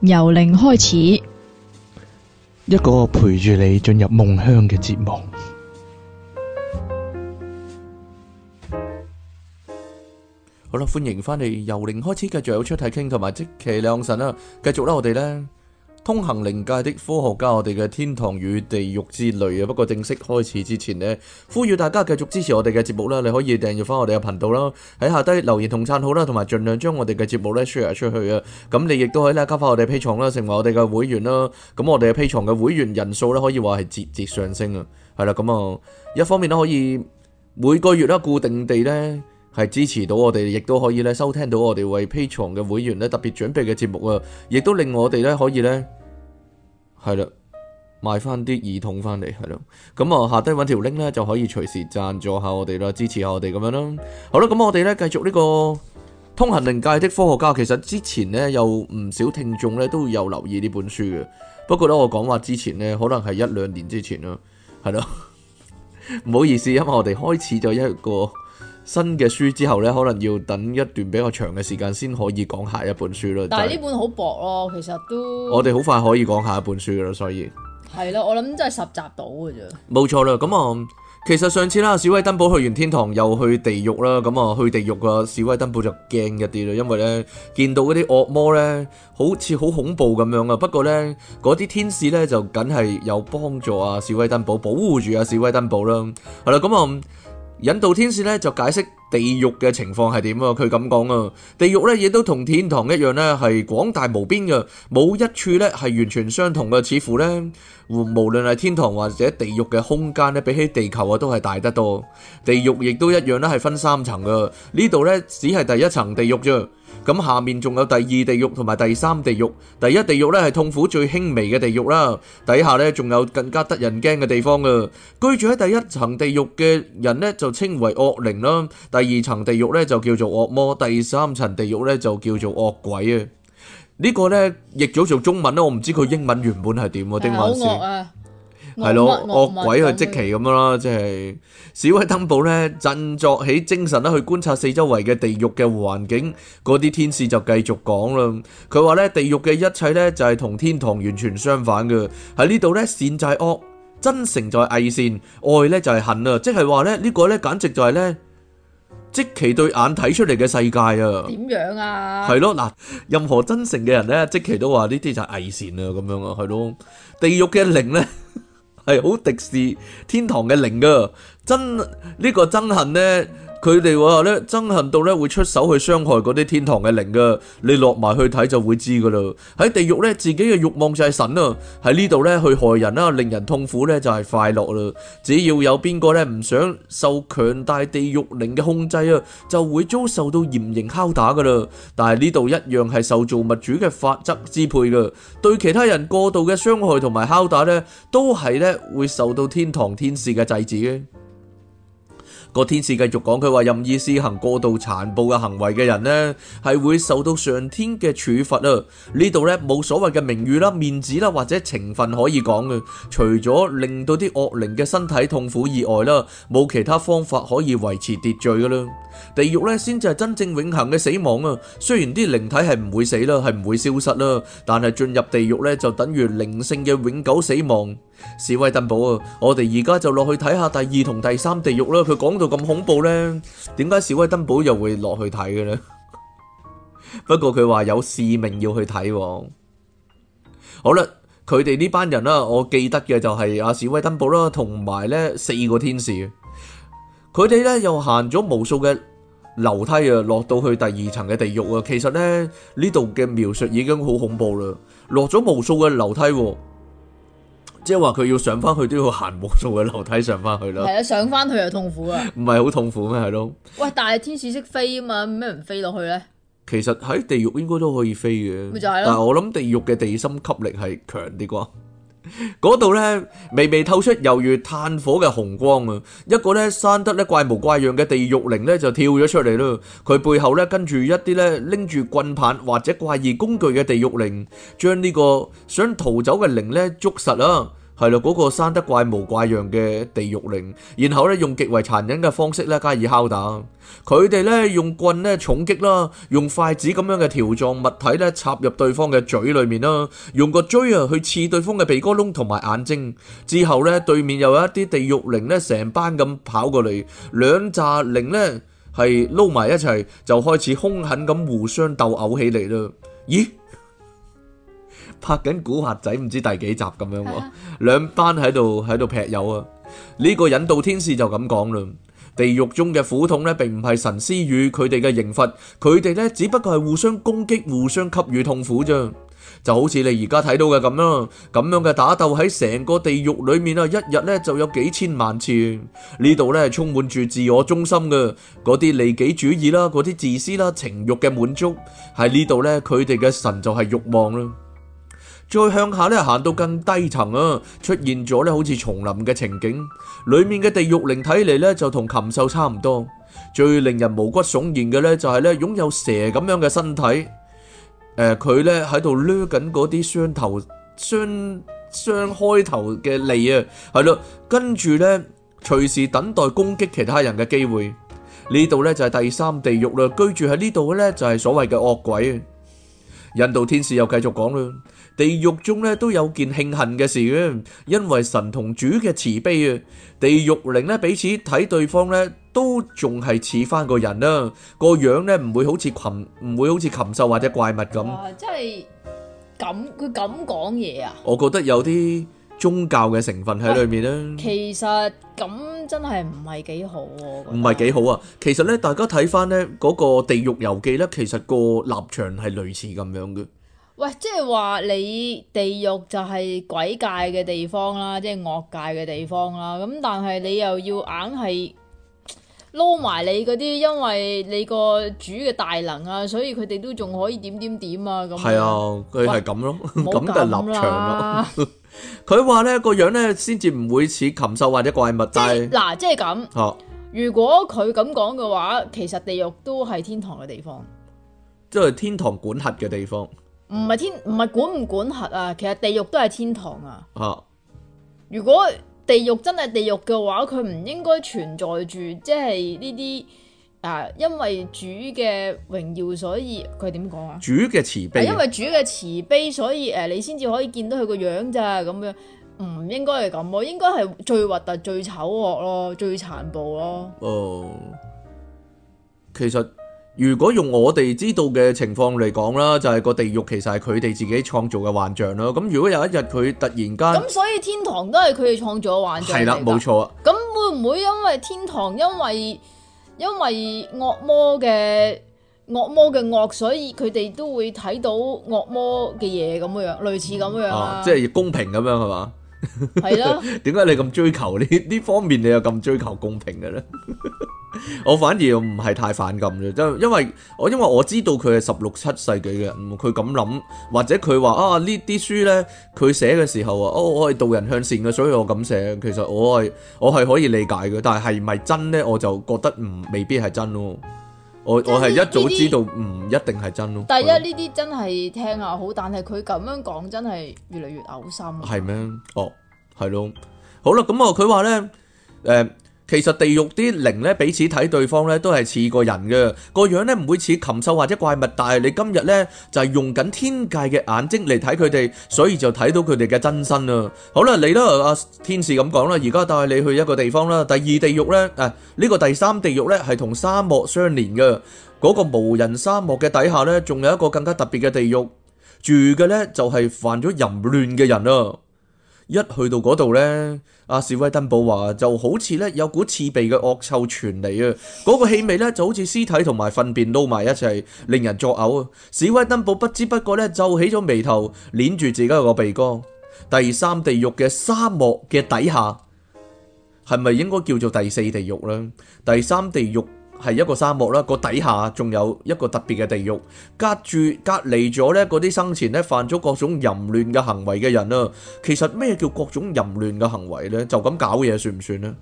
由零開始，一個陪住你進入夢鄉嘅節目。 好啦，歡迎翻嚟由零開始，繼續有出體傾同埋即期兩神啦、啊。繼續啦，我哋咧。通行靈界的科學家，我哋嘅天堂與地獄之類啊！不過正式開始之前呢，呼籲大家繼續支持我哋嘅節目啦！你可以訂閱翻我哋嘅頻道啦，喺下低留言同讚好啦，同埋盡量將我哋嘅節目咧 share 出去啊！咁你亦都可以咧加翻我哋 Patreon 啦，成為我哋嘅會員啦！咁我哋嘅 Patreon 嘅會員人數咧，可以話係節節上升啊！係啦，咁啊一方面咧可以每個月啦，固定地咧係支持到我哋，亦都可以咧收聽到我哋為 Patreon 嘅會員咧特別準備嘅節目啊！亦都令我哋咧可以咧～係啦，賣翻啲耳筒翻嚟，係咯，咁、嗯、啊下低揾條 link 咧就可以隨時贊助下我哋啦，支持下我哋咁樣咯。好啦，咁、嗯、我哋咧繼續呢、這個《通行靈界》的科學家。其實之前咧有唔少聽眾咧都有留意呢本書嘅，不過咧我講話之前咧可能係一兩年之前啦，係咯，唔 好意思，因為我哋開始咗一個。新嘅書之後咧，可能要等一段比較長嘅時間先可以講下一本書啦。但係呢本好薄咯，其實都我哋好快可以講下一本書噶啦，所以係啦，我諗真係十集到嘅啫。冇錯啦，咁啊，其實上次啦，史威登堡去完天堂又去地獄啦，咁啊去地獄啊，史威登堡就驚一啲啦，因為咧見到嗰啲惡魔咧好似好恐怖咁樣啊。不過咧嗰啲天使咧就梗係有幫助啊，史威登堡保護住啊，史威登堡啦，係啦，咁啊。引導天使咧就解釋。地獄嘅情況係點啊？佢咁講啊，地獄咧亦都同天堂一樣咧，係廣大無邊嘅，冇一處咧係完全相同嘅。似乎咧，無論係天堂或者地獄嘅空間咧，比起地球啊都係大得多。地獄亦都一樣咧，係分三層嘅。呢度咧只係第一層地獄啫，咁下面仲有第二地獄同埋第三地獄。第一地獄咧係痛苦最輕微嘅地獄啦，底下咧仲有更加得人驚嘅地方噶。居住喺第一層地獄嘅人咧就稱為惡靈啦，第二層地獄咧就叫做惡魔，第三層地獄咧就叫做惡鬼啊！呢個咧譯咗做中文咧，我唔知佢英文原本係點。好惡啊！係咯，惡鬼去即其咁樣啦，即係。史威登堡咧振作起精神啦，去觀察四周圍嘅地獄嘅環境。嗰啲天使就繼續講啦。佢話咧，地獄嘅一切咧就係同天堂完全相反噶。喺呢度咧，善在惡，真誠就係偽善，愛咧就係恨啊！即係話咧，呢個咧簡直就係咧。即其對眼睇出嚟嘅世界啊，點樣啊？係咯，嗱，任何真誠嘅人咧，即其都話呢啲就係偽善啊，咁樣啊，係咯，地獄嘅靈咧係好敵視天堂嘅靈噶，真、這個、憎呢個真恨咧。佢哋話咧憎恨到咧會出手去傷害嗰啲天堂嘅靈噶，你落埋去睇就會知噶啦。喺地獄咧，自己嘅欲望就係神啊，喺呢度咧去害人啦，令人痛苦咧就係快樂啦。只要有邊個咧唔想受強大地獄靈嘅控制啊，就會遭受到嚴刑敲打噶啦。但係呢度一樣係受造物主嘅法則支配噶，對其他人過度嘅傷害同埋敲打咧，都係咧會受到天堂天使嘅制止嘅。個天使繼續講，佢話任意施行過度殘暴嘅行為嘅人呢，係會受到上天嘅處罰啊！呢度呢冇所謂嘅名譽啦、面子啦或者情分可以講嘅，除咗令到啲惡靈嘅身體痛苦以外啦，冇其他方法可以維持秩序噶啦。地獄呢先至係真正永恒嘅死亡啊！雖然啲靈體係唔會死啦，係唔會消失啦，但係進入地獄呢就等於靈性嘅永久死亡。史威登堡啊，我哋而家就落去睇下第二同第三地獄啦。佢講到。咁恐怖呢？點解史威登堡又會落去睇嘅呢？不過佢話有使命要去睇。好啦，佢哋呢班人啦，我記得嘅就係阿史威登堡啦，同埋呢四個天使。佢哋呢又行咗無數嘅樓梯啊，落到去第二層嘅地獄啊。其實呢呢度嘅描述已經好恐怖啦，落咗無數嘅樓梯。即係話佢要上翻去都要行無數嘅樓梯上翻去， 上去 咯，係啊，上翻去又痛苦啊，唔係好痛苦咩？係咯，喂，但係天使識飛啊嘛，咩唔飛落去咧？其實喺地獄應該都可以飛嘅，咪就係咯。但係我諗地獄嘅地心吸力係強啲啩。嗰度咧微微透出猶如炭火嘅紅光啊！一個咧生得咧怪模怪樣嘅地獄靈咧就跳咗出嚟啦！佢背後咧跟住一啲咧拎住棍棒或者怪異工具嘅地獄靈，將呢個想逃走嘅靈咧捉實啦，啊！係咯，嗰個生得怪模怪樣嘅地獄靈，然後咧用極為殘忍嘅方式咧加以敲打。佢哋咧用棍咧重擊啦，用筷子咁樣嘅條狀物體咧插入對方嘅嘴裏面啦，用個錐啊去刺對方嘅鼻哥窿同埋眼睛。之後咧對面又有一啲地獄靈咧成班咁跑過嚟，兩紮靈咧係撈埋一齊，就開始兇狠咁互相鬥毆起嚟啦。咦？拍緊古惑仔唔知第幾集咁樣喎，兩班喺度喺度劈友啊！呢個引導天使就咁講啦，地獄中嘅苦痛咧，並唔係神施予佢哋嘅刑罰，佢哋咧只不過係互相攻擊、互相給予痛苦啫。就好似你而家睇到嘅咁咯，咁樣嘅打鬥喺成個地獄裏面啊，一日咧就有幾千萬次。呢度咧充滿住自我中心嘅嗰啲利己主義啦，嗰啲自私啦、情欲嘅滿足，喺呢度咧佢哋嘅神就係欲望啦。再向下咧，行到更低層啊，出現咗咧，好似叢林嘅情景。裏面嘅地獄靈睇嚟咧，就同禽獸差唔多。最令人毛骨悚然嘅咧，就係咧擁有蛇咁樣嘅身體。誒，佢咧喺度掠緊嗰啲雙頭雙雙開頭嘅脷啊，係咯。跟住咧，隨時等待攻擊其他人嘅機會。呢度咧就係第三地獄啦。居住喺呢度嘅咧就係所謂嘅惡鬼。引渡天使又繼續講啦。地獄中咧都有件慶幸嘅事嘅，因為神同主嘅慈悲啊，地獄靈咧彼此睇對方咧都仲係似翻個人啦，個樣咧唔會好似禽唔會好似禽獸或者怪物咁。啊，即係咁佢咁講嘢啊！我覺得有啲宗教嘅成分喺裏面啦。其實咁真係唔係幾好，唔係幾好啊！其實咧，大家睇翻咧嗰個《地獄遊記》咧，其實個立場係類似咁樣嘅。喂，即係話你地獄就係鬼界嘅地方啦，即係惡界嘅地方啦。咁但係你又要硬係撈埋你嗰啲，因為你個主嘅大能啊，所以佢哋都仲可以點點點啊。咁係啊，佢係咁咯，咁就立場咯。佢話呢個樣呢先至唔會似禽獸或者怪物。但係嗱，即係咁。啊，如果佢咁講嘅話，其實地獄都係天堂嘅地方，即係天堂管轄嘅地方。唔係天唔係管唔管核啊，其實地獄都係天堂啊。啊！如果地獄真係地獄嘅話，佢唔應該存在住，即係呢啲啊，因為主嘅榮耀，所以佢點講啊？主嘅慈悲，因為主嘅慈悲，所以誒、啊，你先至可以見到佢個樣咋咁樣？唔應該係咁，應該係、啊、最核突、最醜惡咯，最殘暴咯。哦、嗯，其實。如果用我哋知道嘅情況嚟講啦，就係、是、個地獄其實係佢哋自己創造嘅幻象啦。咁如果有一日佢突然間，咁所以天堂都係佢哋創造嘅幻象。係啦，冇錯啊。咁會唔會因為天堂，因為因為惡魔嘅惡魔嘅惡，所以佢哋都會睇到惡魔嘅嘢咁樣樣，類似咁樣、嗯啊、即係公平咁樣係嘛？係咯，點解你咁追求呢呢方面，你又咁追求公平嘅咧？我反而唔係太反感啫，即係因為我因為我知道佢係十六七世紀嘅人，佢咁諗或者佢話啊，呢啲書咧，佢寫嘅時候啊，我我係道人向善嘅，所以我咁寫，其實我係我係可以理解嘅，但係係咪真咧？我就覺得唔未必係真咯。我是我係一早知道唔些一定係真咯。第一呢啲了真係聽下好，但係佢咁樣講真係越嚟越嘔心啊。係咩？哦，係咯。好啦，咁我佢話咧，誒。其實地獄啲靈咧彼此睇對方咧都係似個人嘅個樣咧，唔會似禽獸或者怪物，但係你今日咧就係用緊天界嘅眼睛嚟睇佢哋，所以就睇到佢哋嘅真身啊。好啦，你啦，阿天使咁講啦，而家帶你去一個地方啦。第二地獄咧，誒呢個第三地獄咧係同沙漠相連嘅，嗰個無人沙漠嘅底下咧仲有一個更加特別嘅地獄，住嘅咧就係犯咗淫亂嘅人啊。一去到嗰度呢，阿史威登堡話就好似呢有股刺鼻嘅惡臭傳嚟啊！嗰個氣味呢就好似屍體同埋糞便撈埋一齊，令人作嘔啊！史威登堡不知不覺呢皺起咗眉頭，捏住自己個鼻哥。第三地獄嘅沙漠嘅底下，係咪應該叫做第四地獄呢？第三地獄。係一個沙漠啦，個底下仲有一個特別嘅地獄，隔住隔離咗呢，嗰啲生前呢犯咗各種淫亂嘅行為嘅人啊。其實咩叫各種淫亂嘅行為呢？就咁搞嘢算唔算呢？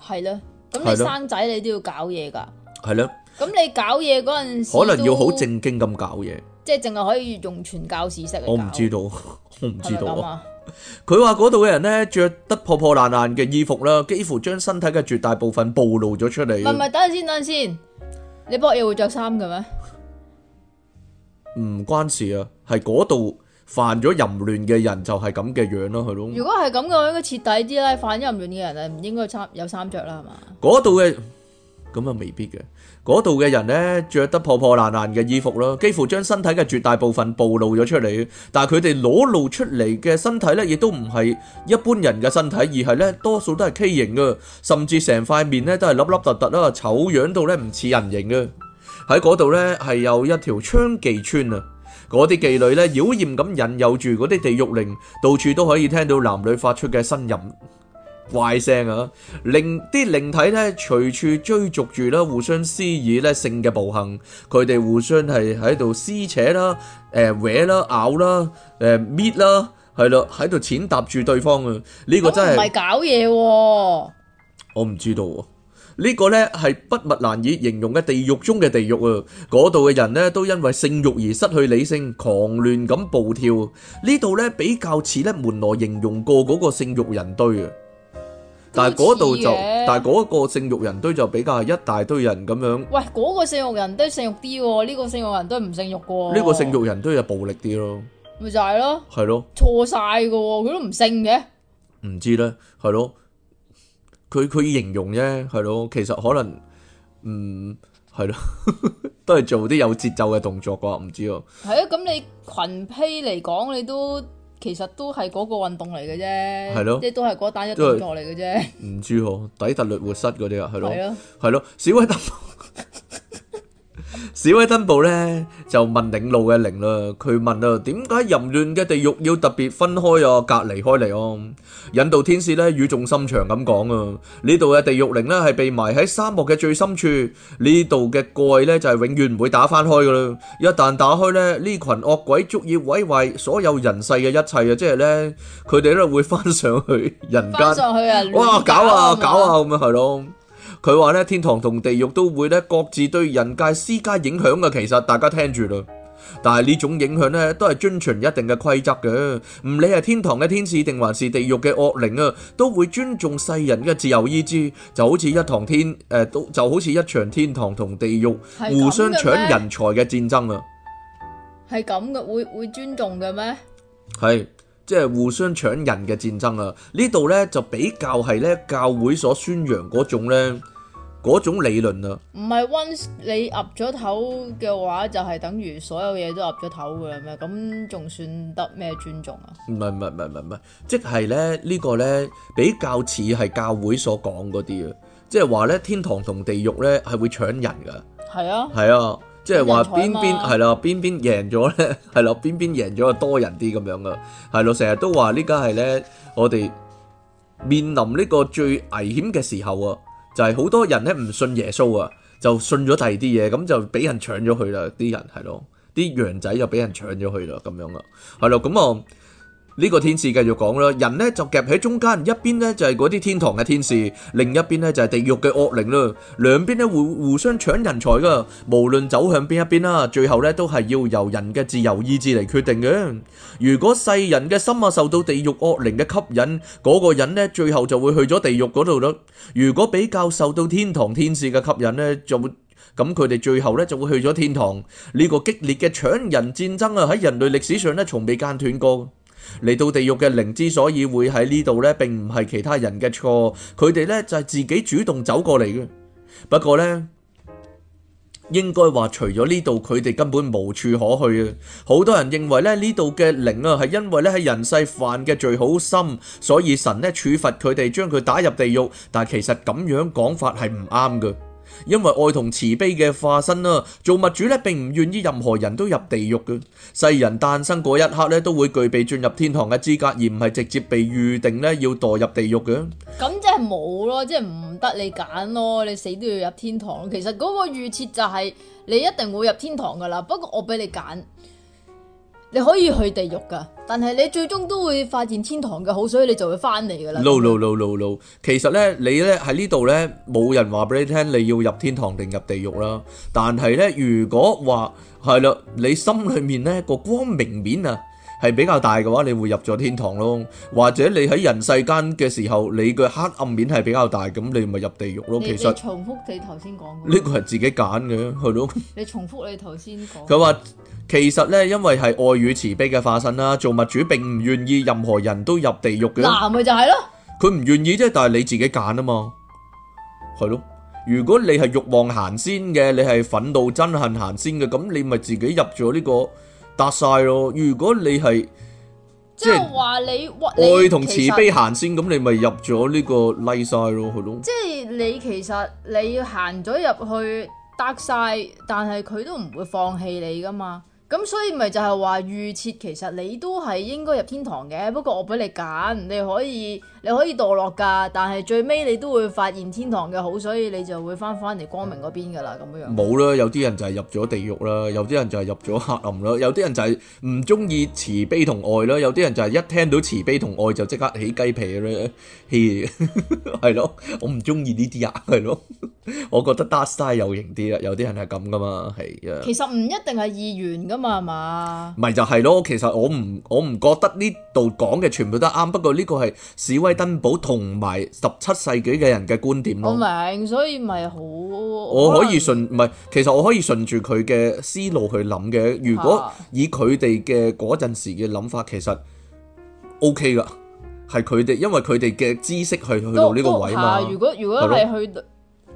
係啦，咁你生仔你都要搞嘢噶。係啦，咁你搞嘢嗰陣時，可能要好正經咁搞嘢。即係淨係可以用傳教士式嚟教。我唔知道，我唔知道。佢話嗰度嘅人咧，着得破破爛爛嘅衣服啦，幾乎將身體嘅絕大部分暴露咗出嚟。唔係唔係，等陣先，等陣先。你博嘢會着衫嘅咩？唔關事啊，係嗰度犯咗淫亂嘅人就係咁嘅樣咯，係咯。如果係咁嘅話，應該徹底啲啦，犯咗淫亂嘅人啊，唔應該有衫着啦，係嘛？嗰度嘅咁啊，未必嘅。嗰度嘅人呢，着得破破爛爛嘅衣服咯，幾乎將身體嘅絕大部分暴露咗出嚟。但係佢哋裸露出嚟嘅身體呢，亦都唔係一般人嘅身體，而係呢，多數都係畸形嘅，甚至成塊面呢都係凹凹凸凸啦，醜樣到呢唔似人形嘅。喺嗰度呢，係有一條娼妓村啊，嗰啲妓女呢，妖豔咁引誘住嗰啲地獄靈，到處都可以聽到男女發出嘅呻吟。怪聲啊！靈啲靈體咧，隨處追逐住啦，互相施以咧性嘅暴行，佢哋互相係喺度撕扯啦、誒搲啦、咬啦、誒搣啦，係咯喺度踐踏住對方、這個、啊！呢個真係唔係搞嘢喎！我唔知道喎、啊、這個、呢個咧係筆墨難以形容嘅地獄中嘅地獄啊！嗰度嘅人咧都因為性欲而失去理性，狂亂咁暴跳。呢度咧比較似咧門羅形容過嗰個性欲人堆啊！但係嗰度就，但係嗰個性欲人堆就比較係一大堆人咁樣。喂，嗰個性欲人堆性慾啲喎，呢個性慾人堆唔性慾喎。呢個性慾人都係暴力啲咯。咪就係咯。係咯。錯晒噶，佢都唔性嘅。唔知咧，係咯。佢佢形容啫，係咯。其實可能，嗯，係咯，都係做啲有節奏嘅動作啩，唔知啊。係啊，咁你群批嚟講，你都。其實都係嗰個運動嚟嘅啫，即係都係嗰單一動作嚟嘅啫。唔知嗬，底特律活塞嗰啲啊，係咯，係咯，小威特。史威登堡咧就問領路嘅靈啦，佢問啊，點解淫亂嘅地獄要特別分開啊，隔離開嚟哦？引導天使咧語重心長咁講啊，呢度嘅地獄靈咧係被埋喺沙漠嘅最深處，呢度嘅蓋咧就係永遠唔會打翻開噶啦，一旦打開咧，呢群惡鬼足以毀壞所有人世嘅一切啊！即係咧，佢哋咧會翻上去人間，哇，搞啊，搞啊，咁樣，係咯。佢話咧天堂同地獄都會咧各自對人界施加影響嘅，其實大家聽住啦。但係呢種影響咧都係遵循一定嘅規則嘅，唔理係天堂嘅天使定還是地獄嘅惡靈啊，都會尊重世人嘅自由意志。就好似一堂天誒，都、呃、就好似一場天堂同地獄互相搶人才嘅戰爭啊。係咁嘅，會會尊重嘅咩？係。即係互相搶人嘅戰爭啊！呢度咧就比較係咧教會所宣揚嗰種咧嗰種理論啊。唔係 once 你昅咗頭嘅話，就係、是、等於所有嘢都昅咗頭嘅。咁仲算得咩尊重啊？唔係唔係唔係唔係，即係咧呢個咧比較似係教會所講嗰啲啊，即係話咧天堂同地獄咧係會搶人噶。係啊。係啊。即係話邊邊係啦，邊邊贏咗咧，係咯，邊邊贏咗就多人啲咁樣噶，係咯，成日都話呢家係咧，我哋面臨呢個最危險嘅時候啊，就係好多人咧唔信耶穌啊，就信咗第二啲嘢，咁就俾人搶咗去啦，啲人係咯，啲羊仔就俾人搶咗去啦，咁樣啊，係咯，咁我。呢個天使繼續講啦，人呢就夾喺中間，一邊呢就係嗰啲天堂嘅天使，另一邊呢就係、是、地獄嘅惡靈啦。兩邊呢會互，互相搶人才噶，無論走向邊一邊啦，最後呢都係要由人嘅自由意志嚟決定嘅。如果世人嘅心啊受到地獄惡靈嘅吸引，嗰、那個人呢最後就會去咗地獄嗰度咯。如果比較受到天堂天使嘅吸引呢，就會，咁佢哋最後呢就會去咗天堂。呢、這個激烈嘅搶人戰爭啊，喺人類歷史上呢，從未間斷過。嚟到地獄嘅靈之所以會喺呢度呢，並唔係其他人嘅錯，佢哋呢就係自己主動走過嚟嘅。不過呢，應該話除咗呢度，佢哋根本無處可去啊！好多人認為呢，呢度嘅靈啊，係因為呢喺人世犯嘅罪好深，所以神呢處罰佢哋，將佢打入地獄。但其實咁樣講法係唔啱嘅。因為愛同慈悲嘅化身啦，做物主咧並唔願意任何人都入地獄嘅。世人誕生嗰一刻咧都會具備進入天堂嘅資格，而唔係直接被預定咧要墮入地獄嘅。咁即係冇咯，即係唔得你揀咯，你死都要入天堂。其實嗰個預設就係你一定會入天堂噶啦，不過我俾你揀。你可以去地獄噶，但係你最終都會發現天堂嘅好，所以你就會翻嚟噶啦。No no no no no，其實呢，你呢喺呢度呢，冇人話俾你聽你要入天堂定入地獄啦。但係呢，如果話係啦，你心裏面呢個光明面啊，係比較大嘅話，你會入咗天堂咯。或者你喺人世間嘅時候，你嘅黑暗面係比較大，咁你咪入地獄咯。其實重複你頭先講。呢個係自己揀嘅，係咯。你重複你頭先講。佢話。其實咧，因為係愛與慈悲嘅化身啦，做物主並唔願意任何人都入地獄嘅。男嘅就係咯，佢唔願意啫，但係你自己揀啊嘛，係咯。如果你係慾望行先嘅，你係憤怒憎恨行先嘅，咁你咪自己入咗呢個 dark side 咯。如果你係即係話你愛同慈悲行先，咁你咪入咗呢個 light side 咯，係咯。即係你其實你要行咗入去 dark side，但係佢都唔會放棄你噶嘛咁所以咪就係話預設，其實你都係應該入天堂嘅，不過我俾你揀，你可以你可以墮落噶，但係最尾你都會發現天堂嘅好，所以你就會翻翻嚟光明嗰邊噶啦，咁樣樣。冇啦，有啲人就係入咗地獄啦，有啲人就係入咗黑暗啦，有啲人就係唔中意慈悲同愛啦，有啲人就係一聽到慈悲同愛就即刻起雞皮咧，係咯， 我唔中意呢啲啊，係咯，我覺得得晒有型啲啦，有啲人係咁噶嘛，係啊。其實唔一定係意願咁。嘛嘛，咪就係咯。其實我唔我唔覺得呢度講嘅全部都啱。不過呢個係史威登堡同埋十七世紀嘅人嘅觀點咯。我明，所以咪好。我可以順唔係，其實我可以順住佢嘅思路去諗嘅。如果以佢哋嘅嗰陣時嘅諗法，其實 OK 㗎，係佢哋因為佢哋嘅知識係去到呢個位嘛。如果如果你去。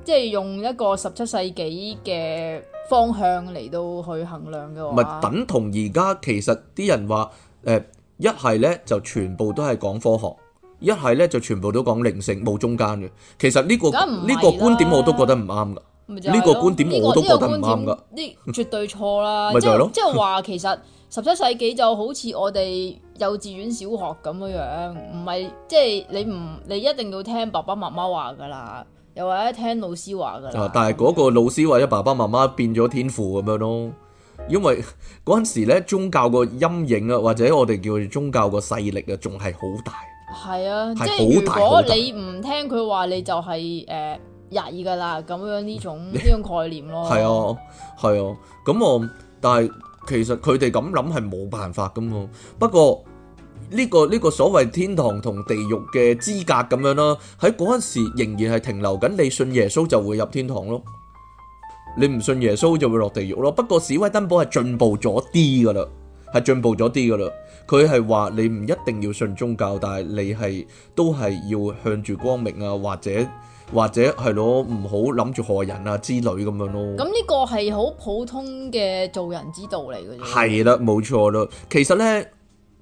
即係用一個十七世紀嘅方向嚟到去衡量嘅話，唔咪等同而家其實啲人話誒，一係咧就全部都係講科學，一係咧就全部都講靈性，冇中間嘅。其實呢、這個呢個觀點我都覺得唔啱噶。呢、這個這個這個觀點我都覺得唔啱噶。呢，絕對錯啦！咪 就係、是、咯？即係話其實十七世紀就好似我哋幼稚園小學咁樣樣，唔係即係你唔你一定要聽爸爸媽媽話噶啦。又或者聽老師話噶啦、啊，但係嗰個老師或者爸爸媽媽變咗天父咁樣咯，因為嗰陣時咧宗教個陰影啊，或者我哋叫宗教個勢力啊，仲係好大。係啊，即係如果你唔聽佢話，你就係、是、誒，邪噶啦，咁樣呢種呢種概念咯。係啊，係啊，咁我但係其實佢哋咁諗係冇辦法噶嘛，不過。呢個，呢個所謂天堂同地獄嘅資格咁樣啦，喺嗰陣時仍然係停留緊，你信耶穌就會入天堂咯。你唔信耶穌就會落地獄咯。這個，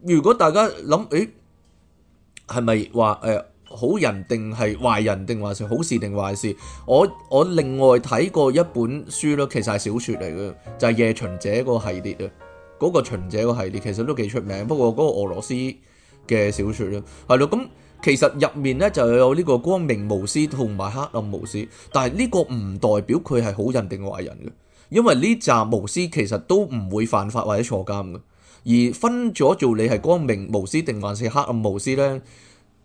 如果大家諗誒，係咪話誒好人定係壞人定還是好事定壞事？我我另外睇過一本書咯，其實係小說嚟嘅，就係、是《夜巡者》個系列啊。嗰、那個《巡者》個系列其實都幾出名，不過嗰個俄羅斯嘅小說咯，係咯。咁、嗯、其實入面咧就有呢個光明巫師同埋黑暗巫師，但係呢個唔代表佢係好人定壞人嘅，因為呢啲巫師其實都唔會犯法或者坐監嘅。而分咗做你係光明巫師定還是黑暗巫師咧？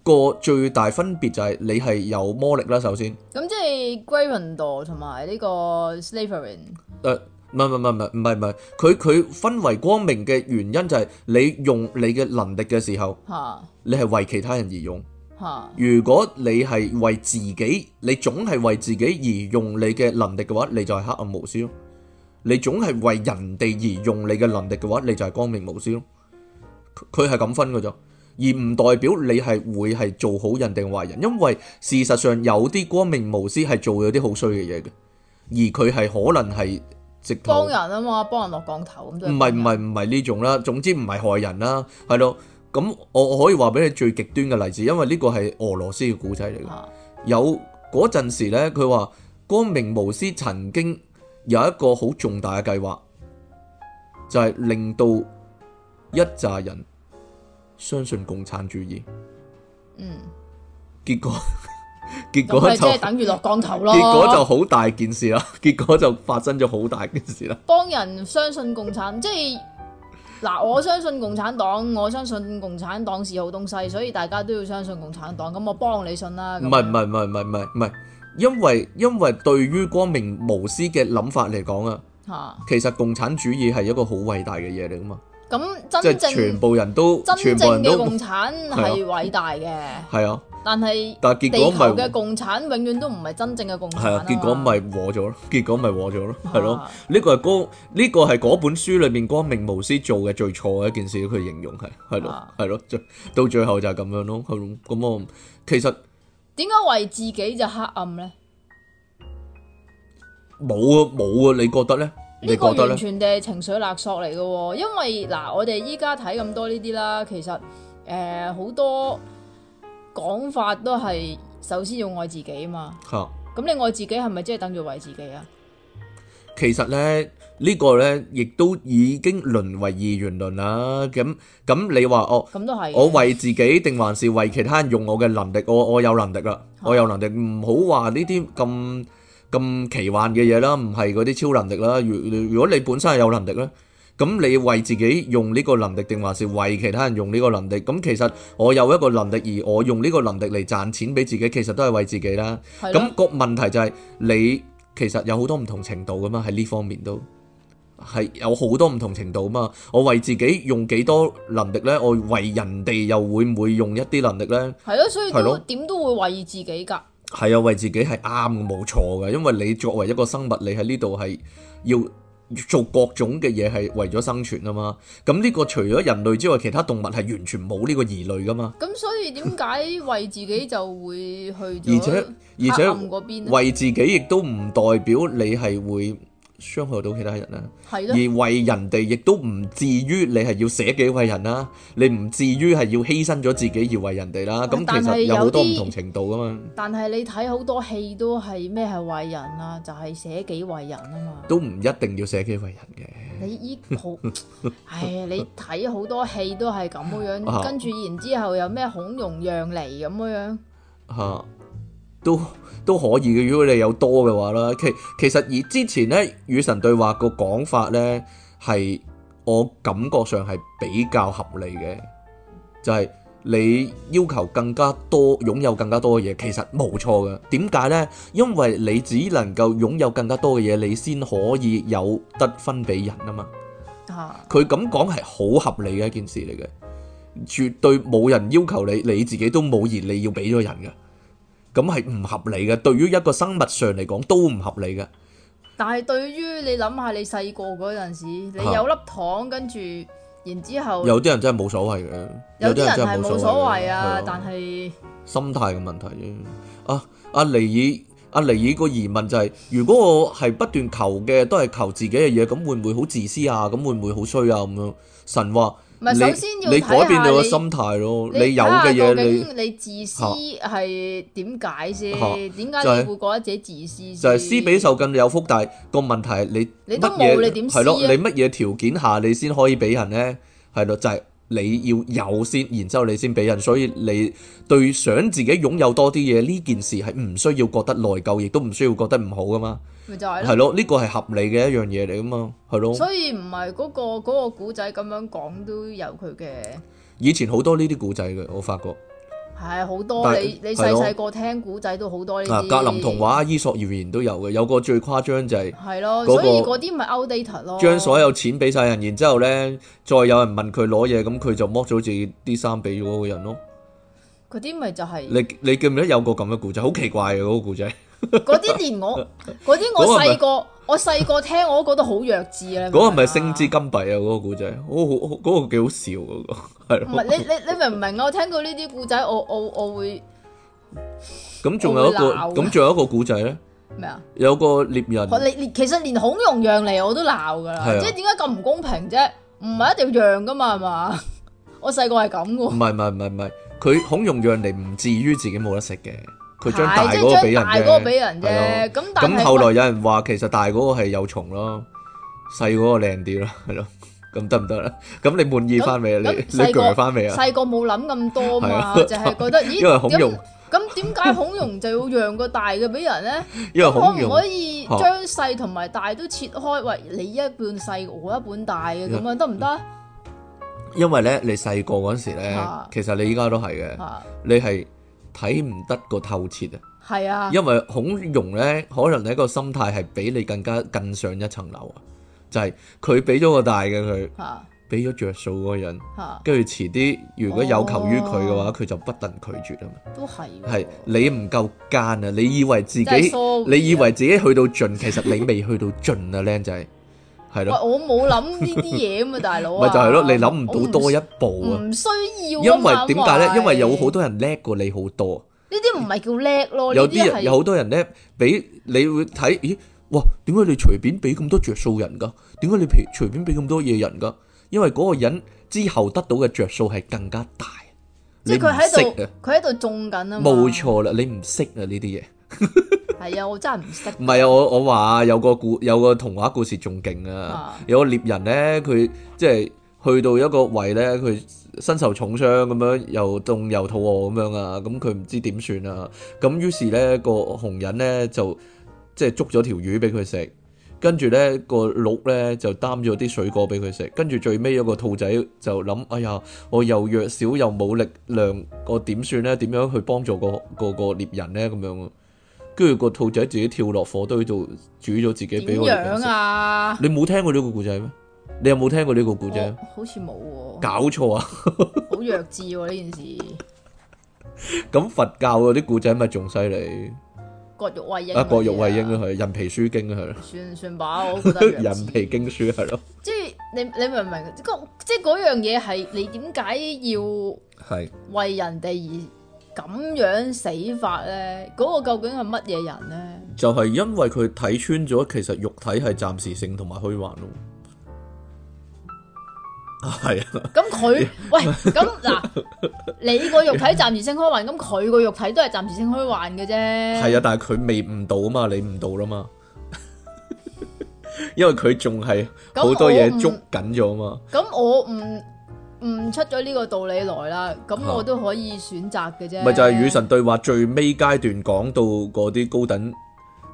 個最大分別就係你係有魔力啦。首先，咁即係鬼魂道同埋呢個 slavery。誒，唔係唔係唔係唔係唔係，佢佢分為光明嘅原因就係你用你嘅能力嘅時候，你係為其他人而用。如果你係為自己，你總係為自己而用你嘅能力嘅話，你就係黑暗巫師囉。你總係為人哋而用你嘅能力嘅話，你就係光明巫師咯。佢係咁分嘅啫，而唔代表你係會係做好人定壞人。因為事實上有啲光明巫師係做咗啲好衰嘅嘢嘅，而佢係可能係直頭幫人啊嘛，幫人落降頭咁。唔係唔係唔係呢種啦，總之唔係害人啦，係咯。咁我我可以話俾你最極端嘅例子，因為呢個係俄羅斯嘅故仔嚟嘅。有嗰陣時咧，佢話光明巫師曾經。有一個好重大嘅計劃，就係令到一紮人相信共產主義。嗯，結果結果就等於落降頭咯。結果就好大件事啦，結果就發生咗好大件事啦。幫人相信共產，即係嗱，我相信共產黨，我相信共產黨是好東西，所以大家都要相信共產黨。咁我幫你信啦。唔係唔係唔係唔係唔係。因為因為對於光明無私嘅諗法嚟講啊，其實共產主義係一個好偉大嘅嘢嚟噶嘛。咁即係全部人都，真正嘅共產係偉大嘅。係啊，但係但係結果咪嘅共產永遠都唔係真正嘅共產。係啊，啊結果和，結果咪和咗咯，結果咪和咗咯，係咯。呢、這個係光呢個係嗰本書裏面光明無私做嘅最錯嘅一件事，佢形容係係咯係咯，到最後就係咁樣咯。咁我、嗯。其實。點解為，為自己就黑暗呢？冇啊，冇啊！你覺得呢？得呢個完全地係情緒勒索嚟嘅，因為嗱，我哋依家睇咁多呢啲啦，其實誒好、呃、多講法都係首先要愛自己啊嘛。咁、啊、你愛自己係咪即係等於為自己啊？其實呢。呢個呢，亦都已經淪為二元論啦。咁咁，你話哦，我為自己定還是為其他人用我嘅能力？我我有能力啦，我有能力，唔好話呢啲咁咁奇幻嘅嘢啦，唔係嗰啲超能力啦。如如果你本身係有能力咧，咁你為自己用呢個能力定還是為其他人用呢個能力？咁其實我有一個能力，而我用呢個能力嚟賺錢俾自己，其實都係為自己啦。咁個問題就係你其實有好多唔同程度噶嘛，喺呢方面都。係有好多唔同程度嘛，我為自己用幾多能力呢？我為人哋又會唔會用一啲能力呢？係咯，所以點都點了都會為自己噶。係啊，為自己係啱冇錯噶，因為你作為一個生物，你喺呢度係要做各種嘅嘢，係為咗生存啊嘛。咁呢個除咗人類之外，其他動物係完全冇呢個疑慮噶嘛。咁所以點解為自己 就會去？而且而且為自己亦都唔代表你係會。傷害到其他人啦，啊，的而為人哋亦都唔至於你係要捨己為人啦，啊，你唔至於係要犧牲咗自己而為人哋，啊、啦。咁其實有好多唔同程度噶，啊、嘛。但係你睇好多戲都係咩係為人啊，就係、是、捨己為人啊嘛。都唔一定要捨己為人嘅。你依、這、好、個， 唉，你睇好多戲都係咁樣，跟住 然之後，後有咩孔融讓梨咁樣。嚇！ 都都可以嘅，如果你有多嘅話啦。其其實而之前呢，與神對話個講法呢，係我感覺上係比較合理嘅。就係你要求更加多，擁有更加多嘅嘢，其實冇錯嘅。點解呢？因為你只能夠擁有更加多嘅嘢，你先可以有得分俾人啊嘛。佢咁講係好合理嘅一件事嚟嘅，絕對冇人要求你，你自己都冇而你要俾咗人嘅。咁係唔合理嘅，對於一個生物上嚟講都唔合理嘅。但係，對於你諗下，你細個嗰陣時，你有粒糖，跟住然之後有啲人真係冇所謂嘅，有啲人係冇所謂啊，但係心態嘅問題啫。啊，阿尼爾，阿尼爾個疑問就係，如果我係不斷求嘅，都係求自己嘅嘢，咁會唔會好自私啊？咁會唔會好衰啊？咁樣神話。唔係首先要睇下你，你，你，你有嘅嘢，你自私係點解先？點解、啊、你會覺得自己自私？啊、就係、是、施、就是、比受更有福，但係個問題你得冇？你乜嘢係咯？你乜嘢條件下你先可以畀人咧？係咯，就係、是。你要有先，然之後你先俾人，所以你對想自己擁有多啲嘢呢件事係唔需要覺得內疚，亦都唔需要覺得唔好噶嘛。咪係咯，呢個係合理嘅一樣嘢嚟噶嘛，係咯。所以唔係嗰個古仔咁樣講都有佢嘅。以前好多呢啲古仔嘅，我發覺。係好多但你你細細個聽古仔都好多呢啲，啊、格林童話、伊索寓言都有嘅，有個最誇張就係，係咯，所以嗰啲咪 outdated 咯，將所有錢俾晒人，然之後咧再有人問佢攞嘢，咁佢就剝咗自己啲衫俾嗰個人咯。嗰啲咪就係、是、你你記唔記得有個咁嘅古仔？好奇怪嘅嗰、那個古仔。嗰啲連我，嗰啲我細個，我細個聽我都覺得好弱智啦。嗰個唔係《星之金幣》啊，嗰個古仔，我好嗰個幾好笑嗰個，係唔係你你你明唔明啊？我聽過呢啲古仔，我我我會。咁仲有一個，咁仲有一個古仔咧。咩啊？有個獵人，獵其實連孔融讓梨我都鬧噶，即係點解咁唔公平啫？唔係一定要讓噶嘛，係嘛？我細個係咁噶。唔係唔係唔係唔係，佢孔融讓梨唔至於自己冇得食嘅。佢將大嗰個俾人啫，咁但係咁後來有人話，其實大嗰個係有蟲咯，細嗰個靚啲咯，係咯，咁得唔得咧？咁你滿意翻未啊？你你鋸翻未啊？細個冇諗咁多嘛，就係覺得咦因為咁點解孔融就要讓個大嘅俾人咧？因為可唔可以將細同埋大都切開？喂，你一半細，我一半大嘅咁啊，得唔得？因為咧，你細個嗰時咧，其實你依家都係嘅，你係。睇唔得個透徹啊！係啊，因為孔融呢，可能你一個心態係比你更加更上一層樓、就是、啊！就係佢俾咗個大嘅佢，俾咗着數嗰個人，跟住遲啲如果有求於佢嘅話，佢就不能拒絕啊嘛、哦！都係係、啊、你唔夠奸啊！嗯、你以為自己，你以為自己去到盡，其實你未去到盡啊，靚 仔。係咯對，我冇諗呢啲嘢啊嘛，大佬啊。咪 就係咯，你諗唔到不多一步啊。唔需要。因為點解咧？為呢因為有好多人叻過你好多。呢啲唔係叫叻咯。有啲人，有好多人咧，俾你，你會睇，咦？哇！點解你隨便俾咁多着數人噶？點解你平隨便俾咁多嘢人噶？因為嗰個人之後得到嘅着數係更加大。即係佢喺度，佢喺度種緊啊。冇錯啦，你唔識啊呢啲嘢。係啊， 我真係唔識。唔係啊，我我話有個故有個童話故事仲勁啊，有個獵人呢，佢即係去到一個位呢，佢身受重傷咁樣，又凍又肚餓咁樣啊，咁佢唔知點算啊。咁於是呢個紅人呢，就即係捉咗條魚俾佢食，跟住呢個鹿呢，鹿就擔咗啲水果俾佢食，跟住最尾有個兔仔就諗，哎呀，我又弱小又冇力量，我點算呢？點樣去幫助、嗰個、嗰個獵人呢？」咁樣。跟住個兔仔自己跳落火堆度煮咗自己俾我。點樣啊？你冇聽過呢個故仔咩？你有冇聽過呢個故仔？好似冇喎。搞錯啊！好弱智喎呢件事。咁佛教嗰啲故仔咪仲犀利？割肉餵鷹。阿割肉餵鷹啊，係人皮書經啊，係。算唔算罷？我覺得人皮經書係咯。即係你你明唔明？即係嗰樣嘢係你點解要係為人哋而咁樣死法咧，嗰、那個究竟係乜嘢人咧？就係因為佢睇穿咗，其實肉體係暫時性同埋虛幻咯。啊，係啊。咁佢、嗯嗯嗯嗯嗯、喂，咁、嗯、嗱、嗯嗯啊，你個肉體暫時性虛幻，咁佢個肉體都係暫時性虛幻嘅啫。係啊，但係佢未悟到啊嘛，你悟到啦嘛， 因為佢仲係好多嘢捉緊咗啊嘛。咁我唔。嗯嗯嗯嗯嗯唔出咗呢個道理來啦，咁我都可以選擇嘅啫。唔係、啊、就係與神對話最尾階段講到嗰啲高等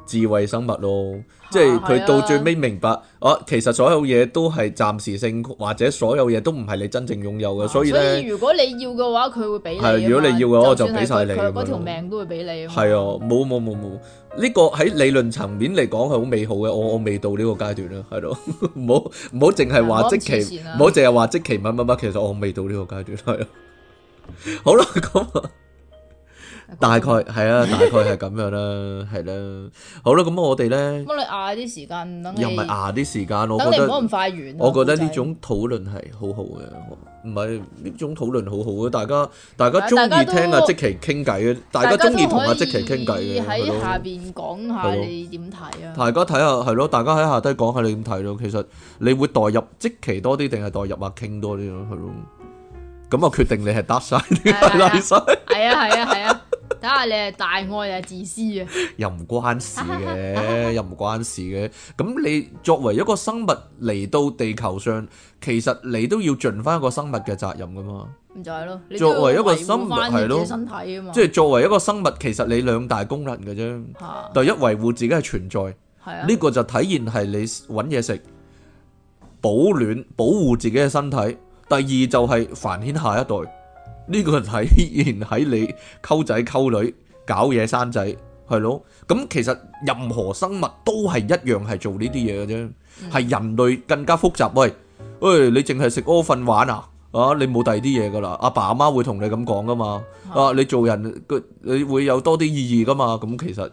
智慧生物咯，即係佢到最尾明白，哦、啊啊，其實所有嘢都係暫時性，或者所有嘢都唔係你真正擁有嘅，啊、所以咧、啊，如果你要嘅話，佢會俾。係，如果你要嘅話我就俾晒你，佢嗰條命都會俾你。係啊，冇冇冇冇，呢、這個喺理論層面嚟講係好美好嘅，我我未到呢個階段啦，係咯、啊，唔好唔好淨係話即期，唔好淨係話即期乜乜乜，其實我未到呢個階段，係啊，好啦咁。啊大概係啊，大概係咁樣啦，係啦，好啦，咁我哋咧，咁你壓啲時間，等你又唔係壓啲時間，我等你唔好咁快完。我覺得呢種討論係好好嘅，唔係呢種討論好好嘅，大家大家中意聽阿即其傾偈嘅，大家中意同阿即其傾偈嘅，可以喺下邊講下你點睇啊？大家睇下係咯，大家喺下低講下你點睇咯。其實你會代入即其多啲定係代入阿傾多啲咯？係咯，咁我決定你係得晒定係賴晒。係啊係啊係啊！睇下你係大愛定自私啊？又唔關事嘅， 又唔關事嘅。咁你作為一個生物嚟到地球上，其實你都要盡翻一個生物嘅責任噶嘛。咁就係咯，你慧慧作為一個生物係咯，即係、就是、作為一個生物，其實你兩大功能嘅啫。的第一維護自己係存在，呢的個就體現係你揾嘢食、保暖、保護自己嘅身體。第二就係繁衍下一代。呢個係依然喺你溝仔溝女搞嘢生仔係咯，咁其實任何生物都係一樣係做呢啲嘢嘅啫，係人類更加複雜。喂，喂，你淨係食屙瞓玩啊？啊，你冇第二啲嘢噶啦？阿爸阿媽會同你咁講噶嘛？啊，你做人個你會有多啲意義噶嘛？咁其實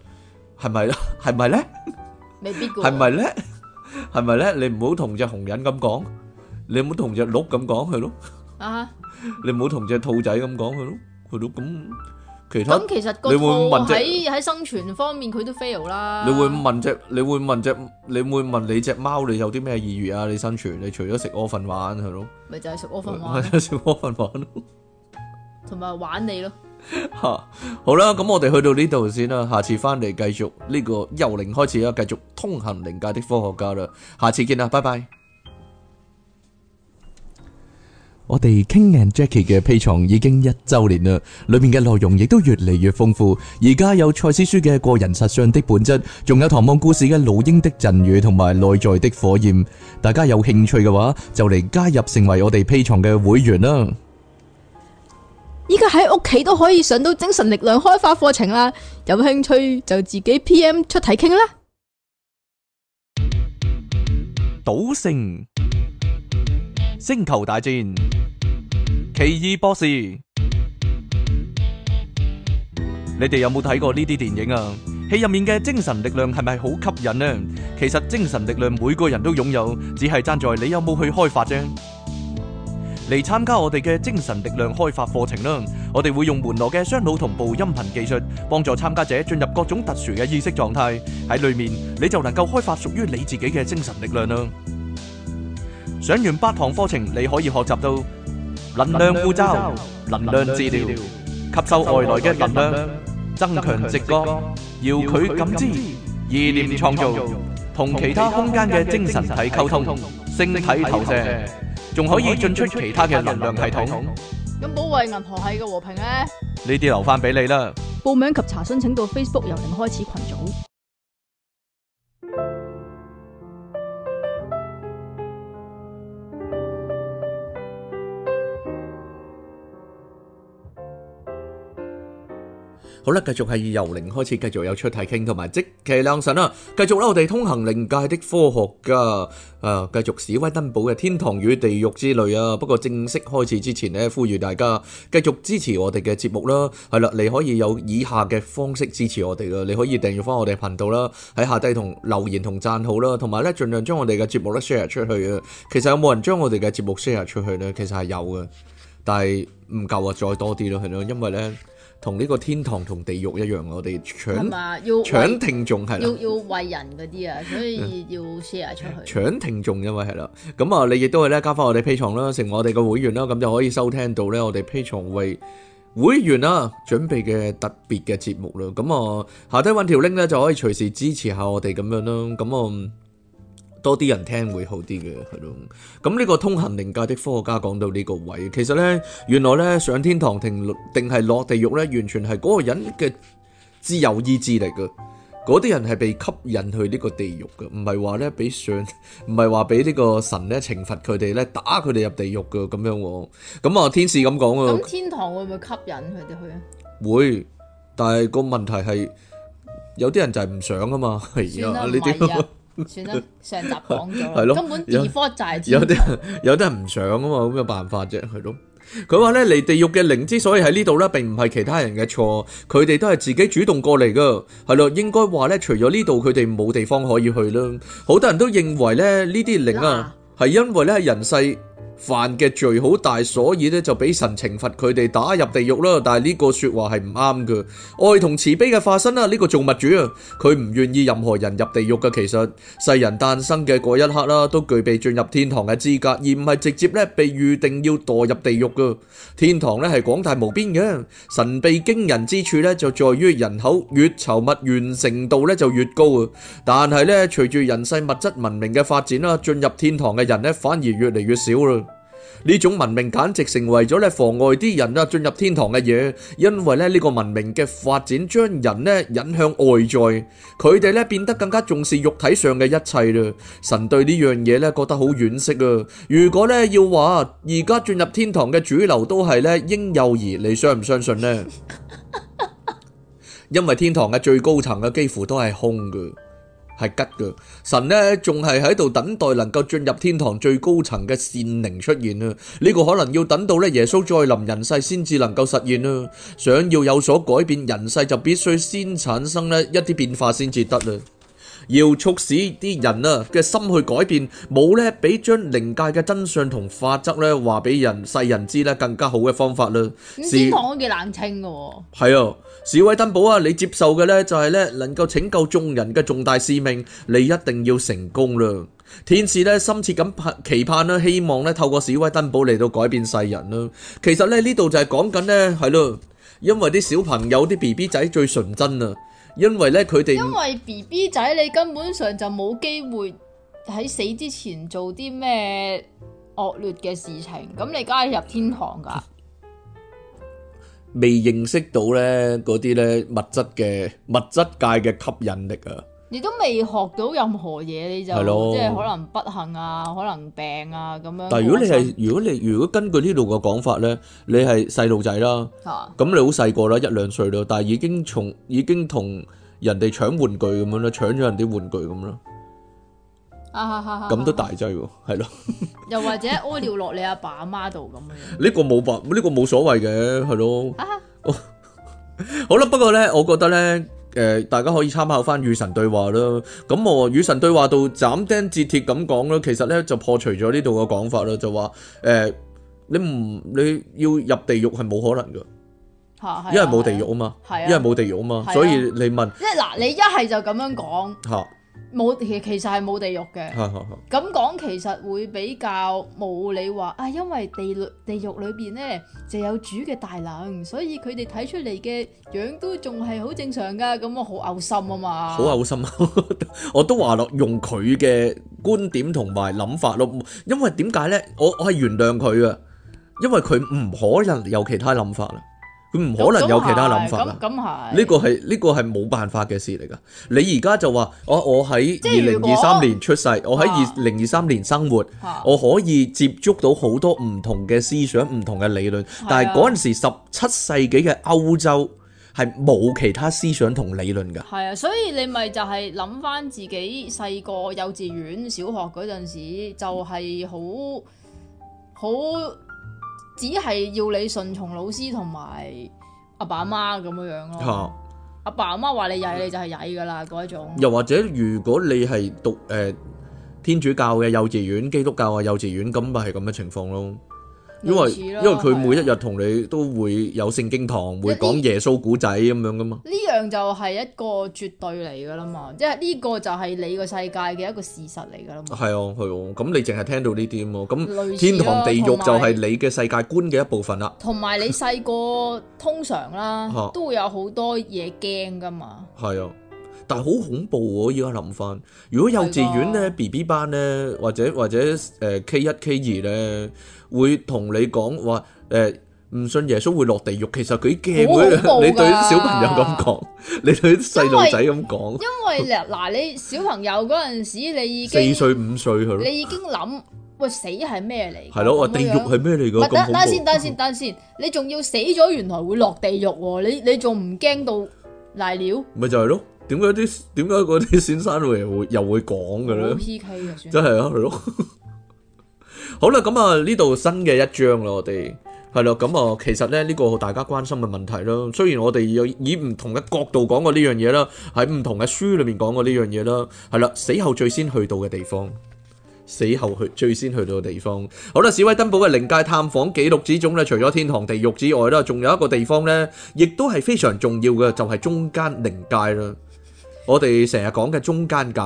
係咪咧？係咪咧？未必㗎。係咪咧？係咪咧？你唔好同隻熊人咁講，你唔好同隻鹿咁講，係咯。啊！你唔好同隻兔仔咁講佢咯，佢都咁其他。咁其實個喺喺生存方面佢都 fail 啦。你會問隻，你會問隻，你會問你隻貓你有啲咩意義啊？你生存，你除咗食屙瞓玩係咯，咪就係食屙瞓玩，食屙瞓玩咯，同埋玩你咯。吓，好啦，咁我哋去到呢度先啦，下次翻嚟繼續呢個由零開始啦，繼續通行靈界的科學家啦，下次見啦，拜拜。我哋 King and Jackie 嘅 Patreon 已經一周年啦，裏面嘅內容亦都越嚟越豐富。而家有賽斯書嘅個人實相的本質，仲有唐望故事嘅老鷹的贈語同埋內在的火焰。大家有興趣嘅話，就嚟加入成為我哋 Patreon 嘅會員啦！依家喺屋企都可以上到精神力量開發課程啦，有興趣就自己 P M 出題傾啦。賭聖星球大戰。奇異博士，hey, 你哋有冇睇過呢啲電影啊？戲入面嘅精神力量係咪好吸引呢？其實精神力量每個人都擁有，只係站在你有冇去開發啫。嚟參加我哋嘅精神力量開發課程啦！我哋會用門羅嘅雙腦同步音頻技術，幫助參加者進入各種特殊嘅意識狀態。喺裏面你就能夠開發屬於你自己嘅精神力量啦。上完八堂課程，你可以學習到。能量護罩、能量治療、吸收外來嘅能量、增強直覺、遙距感知、意念創造、同其他空間嘅精神體溝通、星體投射，仲可以進出其他嘅能量系統。咁保衛銀河系嘅和平咧？呢啲留翻俾你啦。報名及查詢請到 Facebook 由零開始群組。好啦，繼續係由零開始，繼續有出題傾同埋即其亮神啊！繼續啦，我哋通行靈界的科學家，誒、啊，繼續史威登堡嘅天堂與地獄之類啊。不過正式開始之前咧，呼籲大家繼續支持我哋嘅節目啦。係啦，你可以有以下嘅方式支持我哋噶，你可以訂閱翻我哋頻道啦，喺下低同留言同讚好啦，同埋咧盡量將我哋嘅節目咧 share 出去啊。其實有冇人將我哋嘅節目 share 出去咧？其實係有嘅，但係唔夠啊，再多啲咯，係咯，因為咧。同呢個天堂同地獄一樣，我哋搶要搶聽眾，係啦，要要為人嗰啲啊，所以要 share 出去。 搶聽眾，因為係啦，咁啊，你亦都係咧加翻我哋 P 床啦，成我哋嘅會員啦，咁就可以收聽到咧，我哋 P 床為會員啦準備嘅特別嘅節目啦。咁啊，下低揾條 link 咧就可以隨時支持下我哋咁樣咯。咁啊～、嗯多啲人聽會好啲嘅，係咯。咁呢個通行靈界的科學家講到呢個位，其實咧，原來咧上天堂定落定係落地獄咧，完全係嗰個人嘅自由意志嚟嘅。嗰啲人係被吸引去呢個地獄嘅，唔係話咧俾上，唔係話俾呢個神咧懲罰佢哋咧，打佢哋入地獄嘅咁樣。咁啊，天使咁講啊。咁天堂會唔會吸引佢哋去啊？會，但係個問題係有啲人就係唔想啊嘛，係啊呢啲。 算啦，上集講咗， 根本二科就係有啲人有啲人唔想啊嘛，咁有辦法啫，係咯。佢話咧嚟地獄嘅靈之所以喺呢度咧，並唔係其他人嘅錯，佢哋都係自己主動過嚟噶，係咯。應該話咧，除咗呢度，佢哋冇地方可以去啦。好多人都認為咧，呢啲靈啊，係 因為咧人世，犯嘅罪好大，所以咧就俾神懲罰佢哋打入地獄啦。但係呢個說話係唔啱嘅，愛同慈悲嘅化身啦，呢個造物主啊，佢唔願意任何人入地獄嘅。其實世人誕生嘅嗰一刻啦，都具備進入天堂嘅資格，而唔係直接咧被預定要墮入地獄嘅。天堂咧係廣大無邊嘅，神秘驚人之處咧就在於人口越稠密，完成度咧就越高啊。但係咧隨住人世物質文明嘅發展啦，進入天堂嘅人咧反而越嚟越少啦。呢種文明簡直成為咗咧妨礙啲人啊進入天堂嘅嘢，因為咧呢個文明嘅發展將人咧引向外在，佢哋咧變得更加重視肉體上嘅一切啦。神對呢樣嘢咧覺得好惋惜啊！如果咧要話而家進入天堂嘅主流都係咧嬰幼兒，你相唔相信呢？因為天堂嘅最高層嘅幾乎都係空嘅。係吉嘅，神呢仲係喺度等待能夠進入天堂最高層嘅善靈出現啊！呢個可能要等到咧耶穌再臨人世先至能夠實現啦。想要有所改變人世，就必須先產生咧一啲變化先至得啦。要促使啲人啊嘅心去改變，冇咧俾將靈界嘅真相同法則咧話俾人世人知咧更加好嘅方法啦。天堂都幾冷清㗎喎。係啊，史威登堡啊，你接受嘅咧就係咧能夠拯救眾人嘅重大使命，你一定要成功啦。天使咧深切咁期盼啦，希望咧透過史威登堡嚟到改變世人啦。其實咧呢度就係講緊咧係咯，因為啲小朋友啲 BB 仔最純真啊。因為咧，佢哋因為 BB 仔，你根本上就冇機會喺死之前做啲咩惡劣嘅事情，咁你梗係入天堂㗎。未認識到咧嗰啲咧物質嘅物質界嘅吸引力啊！你都未學到任何嘢，你就係咯，即係可能不幸啊，可能病啊咁樣。但係如果你係，如果你如果根據呢度嘅講法咧，你係細路仔啦，咁你好細個啦，一兩歲咯，但係已經從已經同人哋搶玩具咁樣啦，搶咗人啲玩具咁咯。咁都大劑喎，係咯。又或者屙尿落你阿爸阿媽度咁樣。呢個冇辦法，呢個冇所謂嘅，係咯。好啦，不過咧，我覺得咧。誒、呃，大家可以參考返與神對話咯。咁我與神對話到斬釘截鐵咁講咯。其實咧就破除咗呢度嘅講法咯。就話誒、呃，你唔你要入地獄係冇可能㗎，因為冇地獄啊嘛，因為冇地獄啊嘛，啊所以你問，即係嗱，你一係就咁樣講嚇。啊冇其其實係冇地獄嘅，咁講 其實會比較無理話啊，因為地，地獄裏地獄裏邊呢就有主嘅大能，所以佢哋睇出嚟嘅樣都仲係好正常噶，咁我好嘔心啊嘛，好嘔噁心 我都話落用佢嘅觀點同埋諗法咯，因為點解呢？我我係原諒佢啊，因為佢唔可能有其他諗法啦。佢唔可能有其他諗法啦，呢個係呢個係冇辦法嘅事嚟噶。你而家就話我我喺二零二三年出世，我喺二零二三年生活，我可以接觸到好多唔同嘅思想、唔同嘅理論，但係嗰陣時十七世紀嘅歐洲係冇其他思想同理論噶。係啊，所以你咪就係諗翻自己細個幼稚園、小學嗰陣時就係好好。只係要你順從老師同埋阿爸阿媽咁樣咯，阿、啊、爸阿媽話你曳你就係曳噶啦嗰一種。又或者如果你係讀誒、呃、天主教嘅幼稚園、基督教嘅幼稚園，咁咪係咁嘅情況咯。因為因為佢每一日同你都會有聖經堂，的會講耶穌古仔咁樣噶嘛？呢樣就係一個絕對嚟噶啦嘛，即係呢個就係你個世界嘅一個事實嚟噶啦嘛。係啊，係啊，咁你淨係聽到呢啲咁，天堂地獄就係你嘅世界觀嘅一部分啦。同埋你細個 通常啦，都會有好多嘢驚噶嘛。係啊，但係好恐怖啊！依家諗翻，如果幼稚園咧、的 B B 班咧，或者或者誒 K 一 K 二咧。嗯會同你講話誒，唔信耶穌會落地獄。其實佢驚嗰啲，啊、你對小朋友咁講，為 你對啲細路仔咁講。因為咧嗱，你小朋友嗰陣時，你已經四歲五歲佢咯，你已經諗喂死係咩嚟？係咯，地獄係咩嚟㗎？得但，恐怖，得先，等先，你仲要死咗原來會落地獄喎，啊？你你仲唔驚到賴尿？咪就係咯？點解啲點解嗰啲先生又會會又會講㗎咧？ 真係啊，係咯。 好啦，咁啊呢度新嘅一章啦，我哋係啦，咁啊其實咧呢個大家關心嘅問題啦，雖然我哋有以唔同嘅角度講過呢樣嘢啦，喺唔同嘅書裏面講過呢樣嘢啦，係啦死後最先去到嘅地方，死後去最先去到嘅地方。好啦，史威登堡嘅靈界探訪記錄之中咧，除咗天堂、地獄之外啦，仲有一個地方咧，亦都係非常重要嘅，就係中間靈界啦。我哋成日講嘅中間界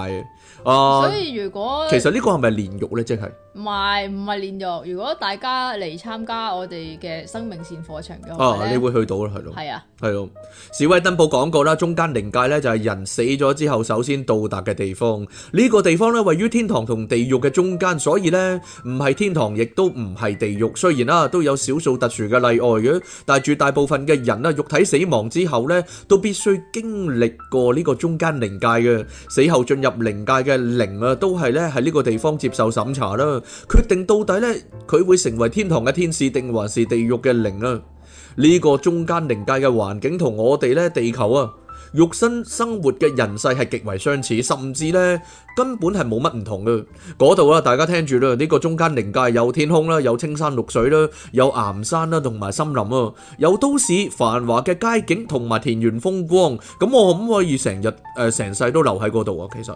啊，所以如果其實呢個係咪煉獄咧，即係？唔係唔係煉獄。如果大家嚟參加我哋嘅生命線課程嘅話，啊，你會去到咯，係咯，係啊，係咯。史威登堡講過啦，中間靈界咧就係人死咗之後首先到達嘅地方。呢個地方咧位於天堂同地獄嘅中間，所以咧唔係天堂亦都唔係地獄。雖然啦都有少數特殊嘅例外嘅，但係絕大部分嘅人啊，肉體死亡之後咧都必須經歷過呢個中間靈界嘅。死後進入靈界嘅靈啊，都係咧喺呢個地方接受審查啦。決定到底咧，佢會成為天堂嘅天使定還是地獄嘅靈啊？呢、這個中間靈界嘅環境同我哋咧地球啊，肉身生活嘅人世係極為相似，甚至咧根本係冇乜唔同嘅。嗰度啊，大家聽住啦，呢、這個中間靈界有天空啦，有青山綠水啦，有岩山啦，同埋森林啊，有都市繁華嘅街景同埋田園風光。咁我可唔可以成日誒成、呃、世都留喺嗰度啊？其實？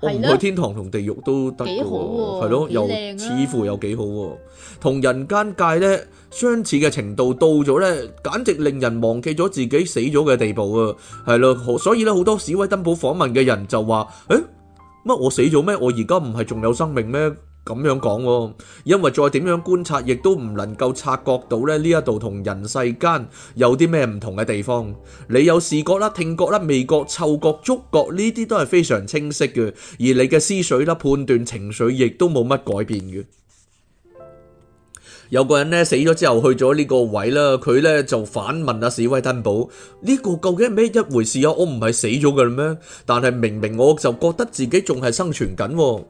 我唔去天堂同地獄都得嘅？係咯、啊，的又、啊、似乎又幾好、啊。同人間界咧相似嘅程度到咗咧，簡直令人忘記咗自己死咗嘅地步啊！係咯，所以咧好多史威登堡訪問嘅人就話，誒、欸，乜我死咗咩？我而家唔係仲有生命咩？咁樣講，因為再點樣觀察，亦都唔能夠察覺到咧呢一度同人世間有啲咩唔同嘅地方。你有視覺啦、聽覺啦、味覺、嗅覺、觸覺呢啲都係非常清晰嘅，而你嘅思緒啦、判斷、情緒亦都冇乜改變嘅。有個人咧死咗之後去咗呢個位啦，佢咧就反問阿史威登堡：呢個究竟係咩一回事啊？我唔係死咗嘅咩？但係明明我就覺得自己仲係生存緊。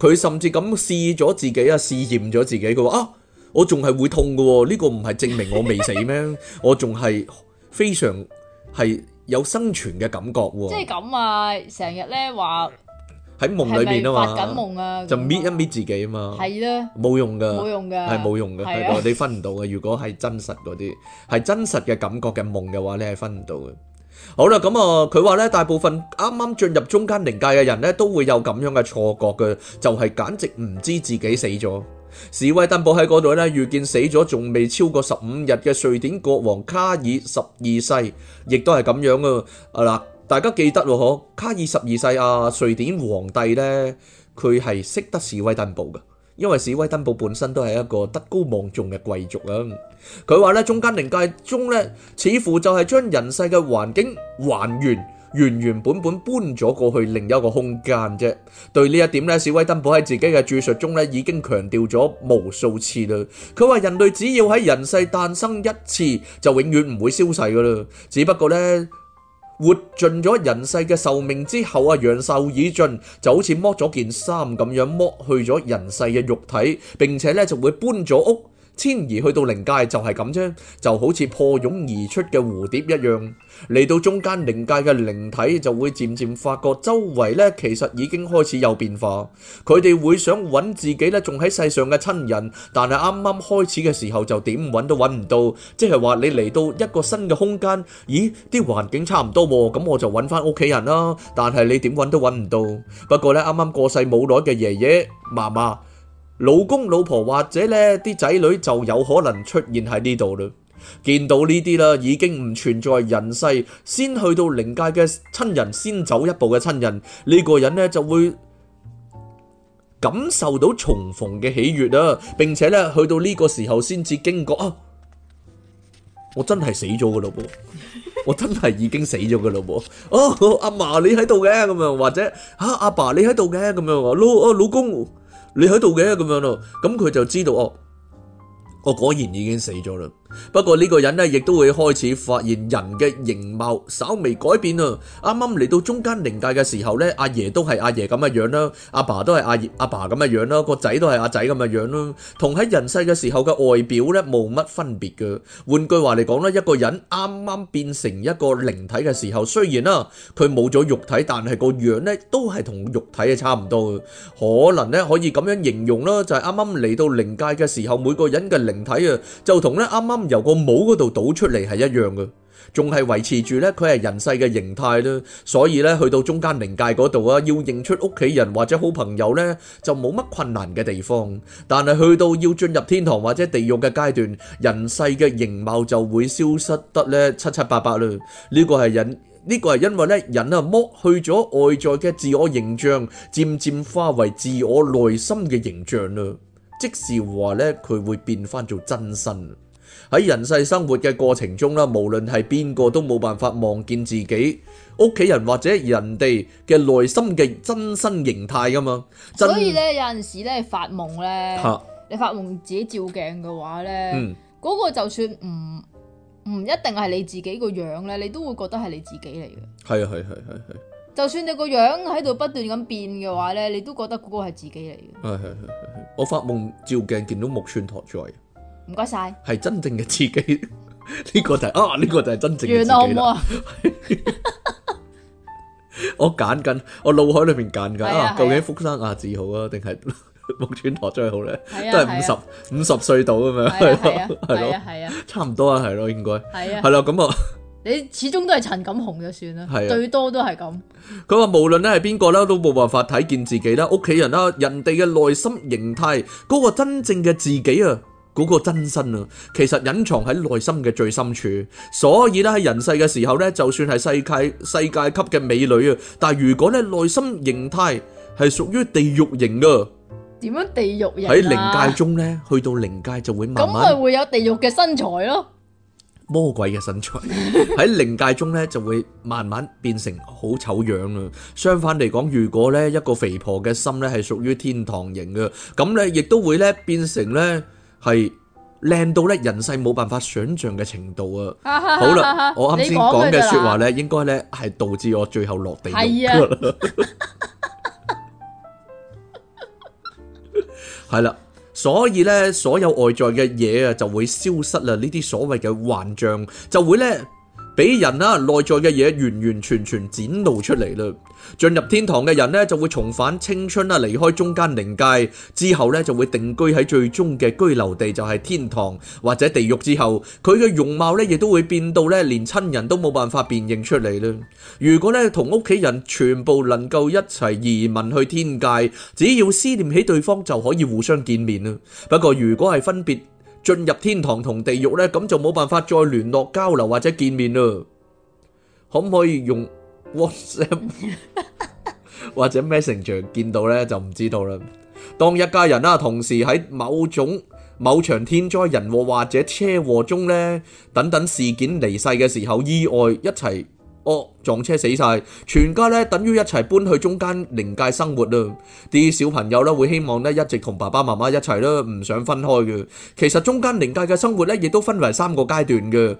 佢甚至咁試咗自己啊，試驗咗自己。佢話啊，我仲係會痛㗎喎，呢個唔係證明我未死咩？我仲係非常係有生存嘅感覺喎。即係咁啊！成日咧話喺夢裏面啊嘛，發緊夢啊，就搣一搣自己啊嘛，係咯，冇用噶，冇用噶，係冇用噶，你分唔到嘅。如果係真實嗰啲，係真實嘅感覺嘅夢嘅話，你係分唔到嘅。好啦，咁啊，佢話咧，大部分啱啱進入中間靈界嘅人咧，都會有咁樣嘅錯覺嘅，就係、是、簡直唔知自己死咗。史威登堡喺嗰度咧，遇見死咗仲未超過十五日嘅瑞典國王卡爾十二世，亦都係咁樣啊。啊啦，大家記得咯，嗬，卡爾十二世啊，瑞典皇帝咧，佢係識得史威登堡嘅。因為史威登堡本身都係一個德高望重嘅貴族啊，佢話咧，中間靈界中咧，似乎就係將人世嘅環境還原，原原本本搬咗過去另一個空間啫。對呢一點咧，史威登堡喺自己嘅著述中咧，已經強調咗無數次啦。佢話人類只要喺人世誕生一次，就永遠唔會消逝噶啦。只不過咧。活盡咗人世嘅壽命之後啊，陽壽已盡，就好似剝咗件衫咁樣剝去咗人世嘅肉體，並且咧就會搬咗屋。遷移去到靈界就係咁啫，就好似破蛹而出嘅蝴蝶一樣，嚟到中間靈界嘅靈體就會漸漸發覺周圍呢其實已經開始有變化，佢哋會想揾自己呢，仲喺世上嘅親人，但係啱啱開始嘅時候就點揾都揾唔到，即係話你嚟到一個新嘅空間，咦啲環境差唔多，咁我就揾翻屋企人啦，但係你點揾都揾唔到。不過呢，啱啱過世冇耐嘅爺爺、嫲嫲。老公、老婆或者呢啲仔女就有可能出現喺呢度嘞。見到呢啲啦，已經唔存在人世，先去到靈界嘅親人，先走一步嘅親人，呢個人呢就會感受到重逢嘅喜悅啊！並且呢去到呢個時候，先至驚覺啊，我真係死咗嘅咯噃，我真係已經死咗嘅咯噃。哦，阿嫲你喺度嘅咁樣，或者啊阿爸你喺度嘅咁樣，老啊老公。你喺度嘅咁樣咯，咁、嗯、佢就知道哦，我果然已經死咗啦。不過，呢個人呢，亦都會開始發現人嘅形貌稍微改變。啱啱嚟到中間靈界嘅時候呢，阿爺都係阿爺咁樣啦，阿爸都係阿爺阿爸咁樣啦，個仔都係阿仔咁樣啦。同喺人世嘅時候嘅外表呢，冇乜分別㗎。換句話嚟講啦，一個人啱啱變成一個靈體嘅時候，雖然啦，佢冇咗肉體，但係個樣呢，都係同肉體係差唔多㗎。可能呢，可以咁樣形容啦，就係啱啱啱嚟到靈界嘅時候，每個人嘅靈體，就同呢，啱啱啱由個帽嗰度倒出嚟係一樣嘅，仲係維持住咧。佢係人世嘅形態啦，所以咧，去到中間靈界嗰度啊，要認出屋企人或者好朋友咧，就冇乜困難嘅地方。但係去到要進入天堂或者地獄嘅階段，人世嘅形貌就會消失得咧七七八八啦。呢個係人，呢個係因為咧，人啊剝去咗外在嘅自我形象，漸漸化為自我內心嘅形象啦。即是話咧，佢會變翻做真身。喺人世生活嘅過程中啦，無論係邊個都冇辦法望見自己屋企人或者人哋嘅內心嘅真身形態噶嘛。所以咧，有陣時咧，發夢咧，你發夢自己照鏡嘅話咧，嗰、嗯、個就算唔唔一定係你自己個樣咧，你都會覺得係你自己嚟嘅。係係係係係，就算你個樣喺度不斷咁變嘅話咧，你都覺得嗰個係自己嚟嘅。係係係，我發夢照鏡見到木村拓哉。唔該晒，係真正嘅自己，呢個就係啊，呢個就係真正嘅自己啦。我揀緊，我腦海裏邊揀緊啊，究竟福山雅治好啊，定係木村拓哉最好咧？都係五十五十歲到咁樣，係咯係咯，係啊，差唔多啊，係咯，應該係啊，係啦，咁啊，你始終都係陳錦鴻就算啦，最多都係咁。佢話無論咧係邊個啦，都冇辦法睇見自己啦，屋企人啦，人哋嘅內心形態，嗰個真正嘅自己啊。嗰個真身啊，其實隱藏喺內心嘅最深處，所以咧喺人世嘅時候咧，就算係世界世界級嘅美女啊，但係如果咧內心形態係屬於地獄型嘅，點樣地獄型？喺靈界中咧，去到靈界就會慢慢會有地獄嘅身材咯，魔鬼嘅身材喺靈界中咧就會慢慢變成好醜樣啊。相反嚟講，如果咧一個肥婆嘅心咧係屬於天堂型嘅，咁咧亦都會咧變成咧。係靚到咧，人世冇辦法想象嘅程度啊！好啦，我啱先講嘅說話咧，應該咧係導致我最後落地嘅啦。係啦，所以咧，所有外在嘅嘢啊，就會消失啦。呢啲所謂嘅幻象就會咧。俾人啦內在嘅嘢完完全全展露出嚟啦，進入天堂嘅人呢，就會重返青春啦，離開中間靈界之後呢，就會定居喺最終嘅居留地，就係天堂或者地獄之後，佢嘅容貌呢，亦都會變到呢，連親人都冇辦法辨認出嚟啦。如果呢，同屋企人全部能夠一齊移民去天界，只要思念起對方就可以互相見面啦。不過如果係分別。進入天堂同地獄呢，咁就冇辦法再聯絡交流或者見面啦。可唔可以用 WhatsApp 或者 Messenger 見到呢？就唔知道啦。當一家人呀，同時喺某種某場天災人禍或者車禍中呢，等等事件離世嘅時候，意外一齊。哦，撞車死晒，全家咧等於一齊搬去中間靈界生活啦。啲小朋友咧會希望咧一直同爸爸媽媽一齊啦，唔想分開嘅。其實中間靈界嘅生活咧亦都分為三個階段嘅，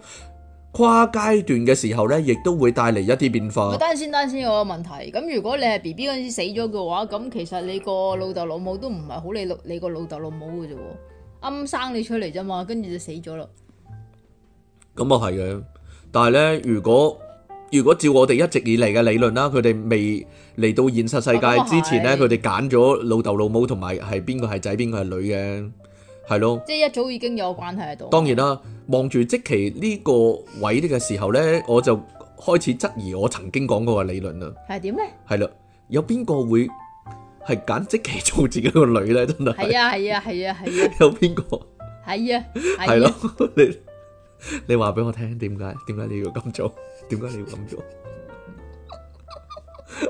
跨階段嘅時候咧亦都會帶嚟一啲變化。等先，等先，我有個問題。咁如果你係 B B 嗰陣時死咗嘅話，咁其實你個老豆老母都唔係好你老你個老豆老母嘅啫，啱生你出嚟啫嘛，跟住就死咗啦。咁啊係嘅，但係咧如果。如果照我哋一直以嚟嘅理論啦，佢哋未嚟到現實世界之前咧，佢哋揀咗老豆老母同埋係邊個係仔邊個係女嘅，係咯？即係一早已經有關係喺度。當然啦，望住即奇呢個位呢嘅時候咧，我就開始質疑我曾經講過嘅理論啦。係點咧？係啦，有邊個會係揀即奇做自己個女咧？真係係啊係啊係啊係啊！有邊個係啊？係咯，你你話俾我聽點解？點解你要咁做？點解你要咁做？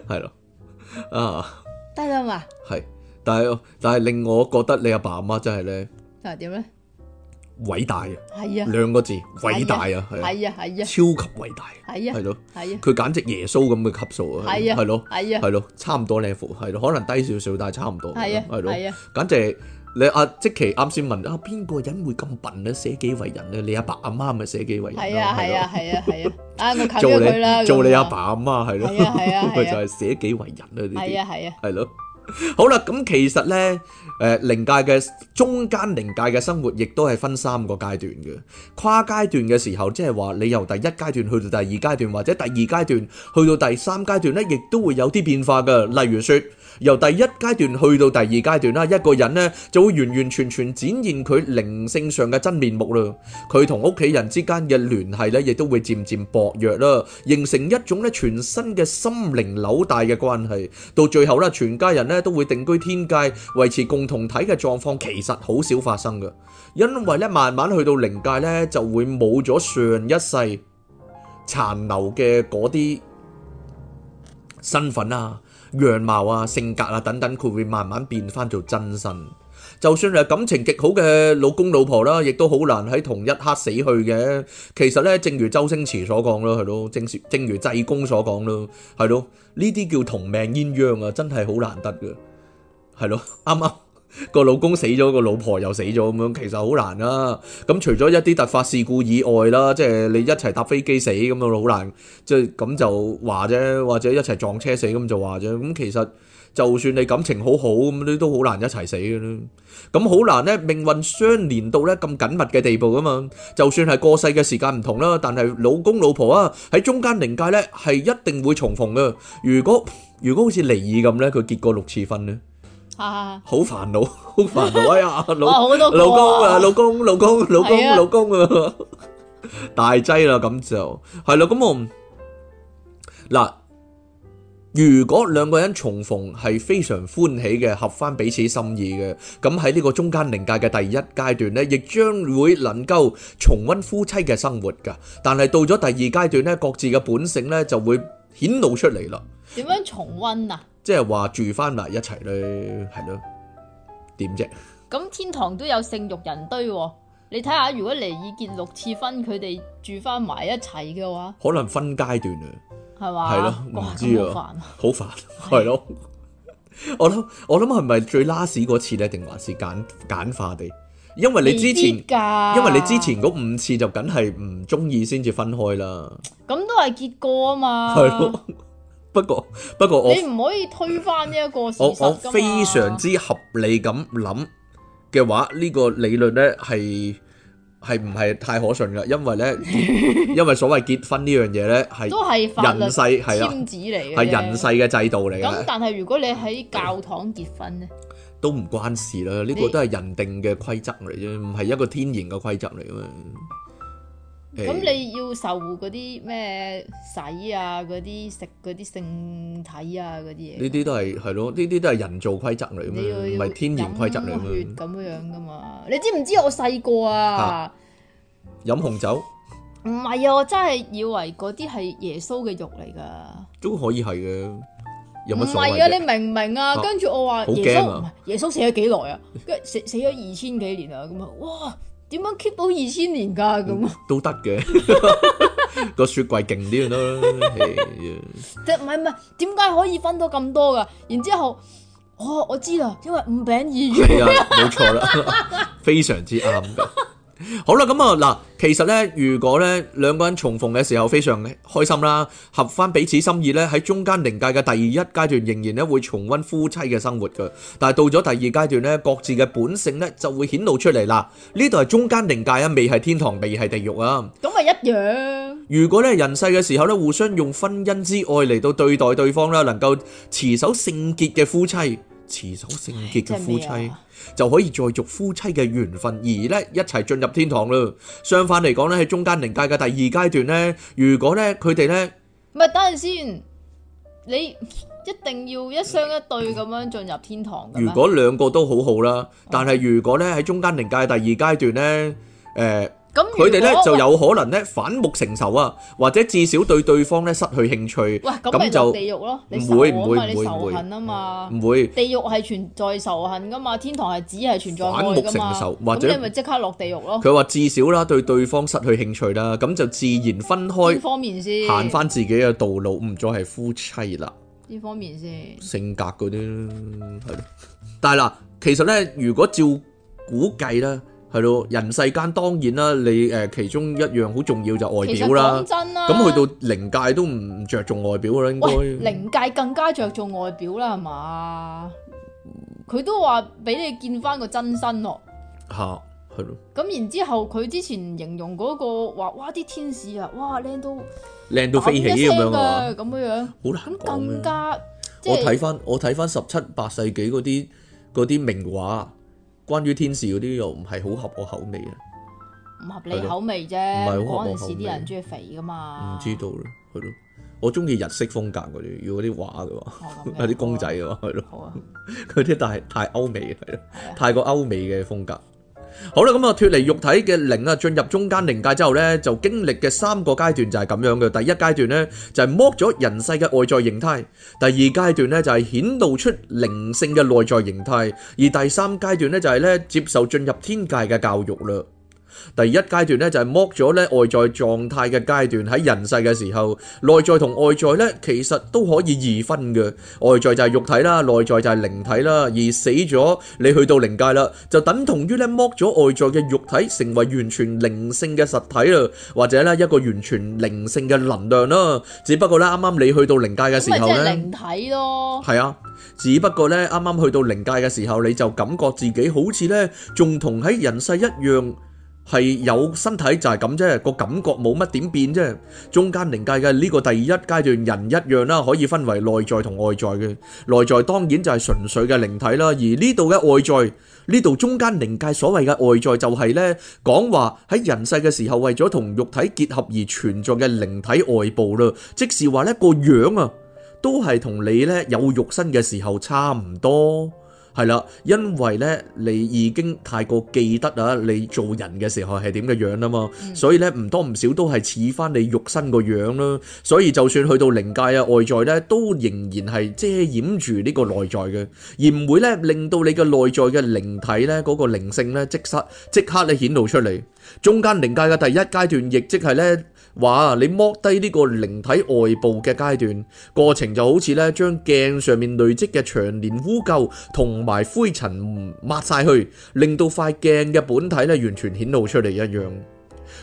係咯，啊得啦嘛。係，但係但係令我覺得你阿爸阿媽真係咧。又點咧？偉大啊！係啊，兩個字偉大啊，係啊，係啊，超級偉大。係啊，係咯，係啊，佢簡直耶穌咁嘅級數啊，係啊，係咯，係啊，係咯，差唔多 level，係咯，可能低少少，但係差唔多。係啊，係咯，係啊，簡直。你阿即其啱先問啊，邊個人會咁笨咧？捨己為人咧？你阿爸阿媽咪捨己為人，係啊係啊係啊係啊！啊我冚咗佢啦，做你做你阿爸阿媽係咯，咪就係捨己為人啦呢啲，係啊係啊，係咯。好啦，咁其實咧，誒，靈界嘅中間靈界嘅生活，亦都係分三個階段嘅。跨階段嘅時候，即係話你由第一階段去到第二階段，或者第二階段去到第三階段咧，亦都會有啲變化噶。例如說。由第一階段去到第二階段啦，一個人咧就會完完全全展現佢靈性上嘅真面目啦。佢同屋企人之間嘅聯繫咧，亦都會漸漸薄弱啦，形成一種咧全新嘅心靈紐帶嘅關係。到最後啦，全家人咧都會定居天界，維持共同體嘅狀況，其實好少發生嘅，因為咧慢慢去到靈界咧就會冇咗上一世殘留嘅嗰啲身份啊。樣貌啊、性格啊等等，佢會,會慢慢變翻做真身。就算係感情極好嘅老公老婆啦、啊，亦都好難喺同一刻死去嘅。其實呢，正如周星馳所講咯，係咯，正正如濟公所講咯，係咯，呢啲叫同命鴛鴦啊，真係好難得嘅。係咯，啱啱。個老公死咗，個老婆又死咗咁樣，其實好難啦、啊。咁除咗一啲突發事故以外啦，即係你一齊搭飛機死咁樣好難，即係咁就話、是、啫，或者一齊撞車死咁就話啫。咁其實就算你感情好好咁，都好難一齊死嘅啦。咁好難咧，命運相連到咧咁緊密嘅地步噶嘛。就算係過世嘅時間唔同啦，但係老公老婆啊喺中間靈界咧係一定會重逢嘅。如果如果好似離異咁咧，佢結過六次婚咧。啊！好煩惱，好煩惱呀！老公，老公啊，老公，老公，老公，老公啊，大劑啦咁就係啦。咁我嗱，如果兩個人重逢係非常歡喜嘅，合翻彼此心意嘅，咁喺呢個中間靈界嘅第一階段呢，亦將會能夠重温夫妻嘅生活噶。但係到咗第二階段呢，各自嘅本性呢就會。顯露出嚟咯，點樣重温啊？即係話住翻埋一齊咧，係咯，點啫？咁天堂都有性慾人堆、哦，你睇下如果離異結六次婚，佢哋住翻埋一齊嘅話，可能分階段吧啊，係嘛？係咯，唔知啊，好煩，好煩，係咯， 我諗我諗係咪最 last 嗰次咧，定還是簡簡化地？因為你之前，因為你之前嗰五次就梗係唔中意先至分開啦。咁都係結果啊嘛。係咯，不過不過，我你唔可以推翻呢一個事實噶嘛。我我非常之合理咁諗嘅話，呢個理論咧係係唔係太可信噶？因為咧， 因為所謂結婚呢樣嘢咧，係都係人世係啦，係人世嘅制度嚟。咁但係如果你喺教堂結婚咧？都唔關事啦，呢你個都係人定嘅規則嚟啫，唔係一個天然嘅規則嚟噶！咁你要受嗰啲咩洗啊，嗰啲食嗰啲性體啊，嗰啲嘢？呢啲都係，係咯，呢啲都係人造規則嚟噶！唔係又天然規則嚟噶！咁樣樣噶嘛？你知唔知我細個啊？飲、啊、紅酒？唔係 啊！我真係以為嗰啲係耶穌嘅肉嚟噶。都可以係嘅。唔係啊，你明唔明啊？跟住我話耶穌耶穌死咗幾耐啊？跟、啊、死、啊、死咗二千幾年啊？咁啊，哇，點樣 keep 到二千年噶咁？都得嘅，個 雪櫃勁啲啦。即係唔係唔係？點解可以分到咁多噶？然之後，哦，我知啦，因為五餅二魚。係啊，冇錯啦，非常之啱噶。 好啦，咁啊嗱，其實咧，如果咧兩個人重逢嘅時候非常開心啦，合翻彼此心意咧，喺中間靈界嘅第一階段仍然咧會重溫夫妻嘅生活㗎，但係到咗第二階段咧，各自嘅本性咧就會顯露出嚟啦。呢度係中間靈界啊，未係天堂，未係地獄啊。咁咪一樣。如果咧人世嘅時候咧互相用婚姻之愛嚟到對待對方啦，能夠持守聖潔嘅夫妻。持守聖潔嘅夫妻就可以再續夫妻嘅緣分而，而咧一齊進入天堂咯。相反嚟講咧，喺中間靈界嘅第二階段咧，如果咧佢哋咧，唔係，等陣先，你一定要一雙一對咁樣進入天堂。如果兩個都好好啦，但係如果咧喺中間靈界第二階段咧，誒、呃。佢哋咧就有可能咧反目成仇啊，或者至少對對方咧失去興趣。哇，咁咪地獄咯？唔會唔會唔會唔會？地獄係存在仇恨噶嘛，天堂係只係存在愛噶嘛。反目成仇，或者咁你咪即刻落地獄咯？佢話至少啦，對對方失去興趣啦，咁就自然分開。呢方面先行翻自己嘅道路，唔再係夫妻啦。呢方面先性格嗰啲係，但係嗱，其實咧如果照估計咧。係咯，人世間當然啦，你誒其中一樣好重要就外表啦。咁、啊、去到靈界都唔着重外表啦，應該。靈界更加着重外表啦，係嘛？佢都話俾你見翻個真身咯。吓、啊，係咯。咁然之後，佢之前形容嗰、嗰個話，哇，啲天使啊，哇，靚到靚到飛起咁樣嘅，咁樣的樣。好難。咁更加，就是、我睇翻我睇翻十七八世紀嗰啲嗰啲名畫。關於天使嗰啲又唔係好合我口味啊，唔合理口味啫。嗰陣時啲人中意肥噶嘛，唔知道咯，係咯。我中意日式風格嗰啲，如果啲畫嘅話， 有啲公仔嘅話，係咯。佢啲但係太歐美，係咯，太過的歐美嘅風格。好啦，咁啊脫離肉體嘅靈啊，進入中間靈界之後咧，就經歷嘅三個階段就係咁樣嘅。第一階段咧就係剝咗人世嘅外在形態，第二階段咧就係顯露出靈性嘅內在形態，而第三階段咧就係咧接受進入天界嘅教育啦。第一階段咧就係剝咗咧外在狀態嘅階段。喺人世嘅時候，內在同外在咧其實都可以二分嘅。外在就係肉體啦，內在就係靈體啦。而死咗你去到靈界啦，就等同於咧剝咗外在嘅肉體，成為完全靈性嘅實體啦，或者咧一個完全靈性嘅能量啦。只不過咧啱啱你去到靈界嘅時候咧，咁咪即係靈體咯？係啊，只不過咧啱啱去到靈界嘅時候，你就感覺自己好似咧仲同喺人世一樣。係有身體就係咁啫，個感覺冇乜點變啫。中間靈界嘅呢個第一階段人一樣啦，可以分為內在同外在嘅。內在當然就係純粹嘅靈體啦，而呢度嘅外在，呢度中間靈界所謂嘅外在就係呢，講話喺人世嘅時候為咗同肉體結合而存在嘅靈體外部咯，即是話，呢個樣啊，都係同你呢有肉身嘅時候差唔多。係啦，因為咧你已經太過記得啊，你做人嘅時候係點嘅樣啊嘛，嗯、所以咧唔多唔少都係似返你肉身個樣啦，所以就算去到靈界啊，外在咧，都仍然係遮掩住呢個內在嘅，而唔會咧令到你嘅內在嘅靈體咧嗰個靈性咧即失即刻咧顯露出嚟。中間靈界嘅第一階段亦即係咧，話你剝低呢個靈體外部嘅階段過程就好似咧將鏡上面累積嘅長年污垢同埋灰塵抹晒去，令到塊鏡嘅本體咧完全顯露出嚟一樣。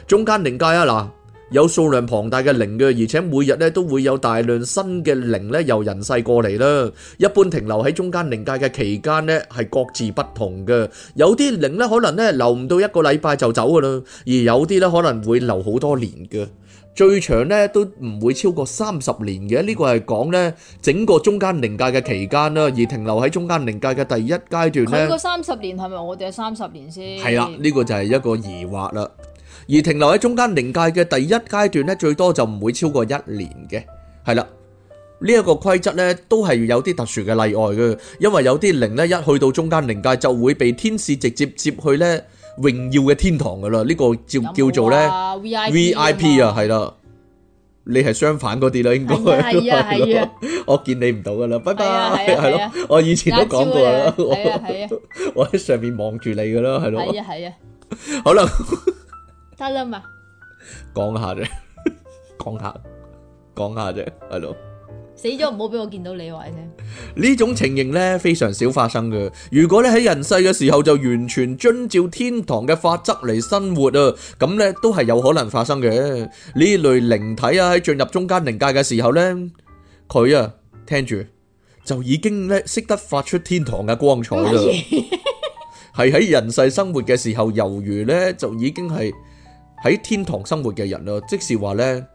中間靈界啊嗱。有數量龐大嘅靈嘅，而且每日咧都會有大量新嘅靈咧由人世過嚟啦。一般停留喺中間靈界嘅期間咧係各自不同嘅，有啲靈咧可能咧留唔到一個禮拜就走噶啦，而有啲咧可能會留好多年嘅，最長咧都唔會超過三十年嘅。呢個係講咧整個中間靈界嘅期間啦，而停留喺中間靈界嘅第一階段咧，呢個三十年係咪我哋嘅三十年先？係啦，呢個就係一個疑惑啦。而停留喺中間靈界嘅第一階段咧，最多就唔會超過一年嘅，係啦。呢一個規則咧，都係有啲特殊嘅例外嘅，因為有啲靈咧一去到中間靈界就會被天使直接接去咧榮耀嘅天堂噶啦，呢個叫叫做咧 VIP 啊，係啦。你係相反嗰啲啦，應該係。係啊係啊，我見你唔到噶啦，拜拜，係咯，我以前都講過啦，我喺上面望住你噶啦，係咯。係啊係啊，好啦。得啦嘛，講下啫，講下，講 下啫，係咯。死咗唔好俾我見到你話你先。呢種情形咧非常少發生嘅。如果咧喺人世嘅時候就完全遵照天堂嘅法則嚟生活啊，咁咧都係有可能發生嘅。呢類靈體啊喺進入中間靈界嘅時候咧，佢啊聽住就已經咧識得發出天堂嘅光彩啦。係喺 人世生活嘅時候，猶如咧就已經係。喺天堂生活嘅人咯，即是話呢，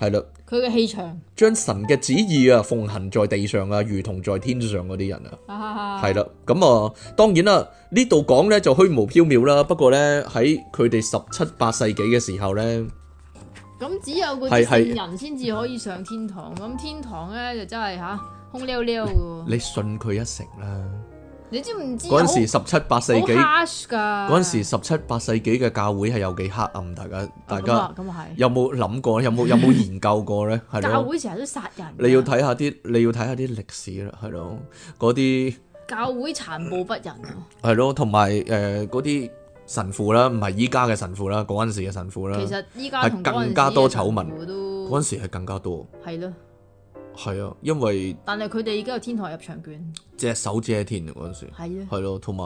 係啦，佢嘅氣場將神嘅旨意啊奉行在地上啊，如同在天上嗰啲人啊，係啦， 咁、嗯、啊，當然啦，呢度講呢就虛無縹緲啦，不過呢，喺佢哋十七八世紀嘅時候呢，咁只有嗰啲人先至可以上天堂，咁天堂呢，就真係吓空溜溜噶。你信佢一成啦。你知唔知嗰陣時十七八世紀？嗰陣時十七八世紀嘅教會係有幾黑暗？大家大家、嗯嗯嗯嗯、有冇諗過？ 有冇有冇研究過咧？ 的教會成日都殺人你一一。你要睇下啲，你要睇下啲歷史啦，係咯，嗰啲教會殘暴不仁，係咯，同埋誒嗰啲神父啦，唔係依家嘅神父啦，嗰陣時嘅神父啦，其實依家更加多醜聞，嗰陣都時係更加多，係咯。係啊，因為但係佢哋已經有天堂入場券，隻手遮天嗰陣時係啊，係咯，同埋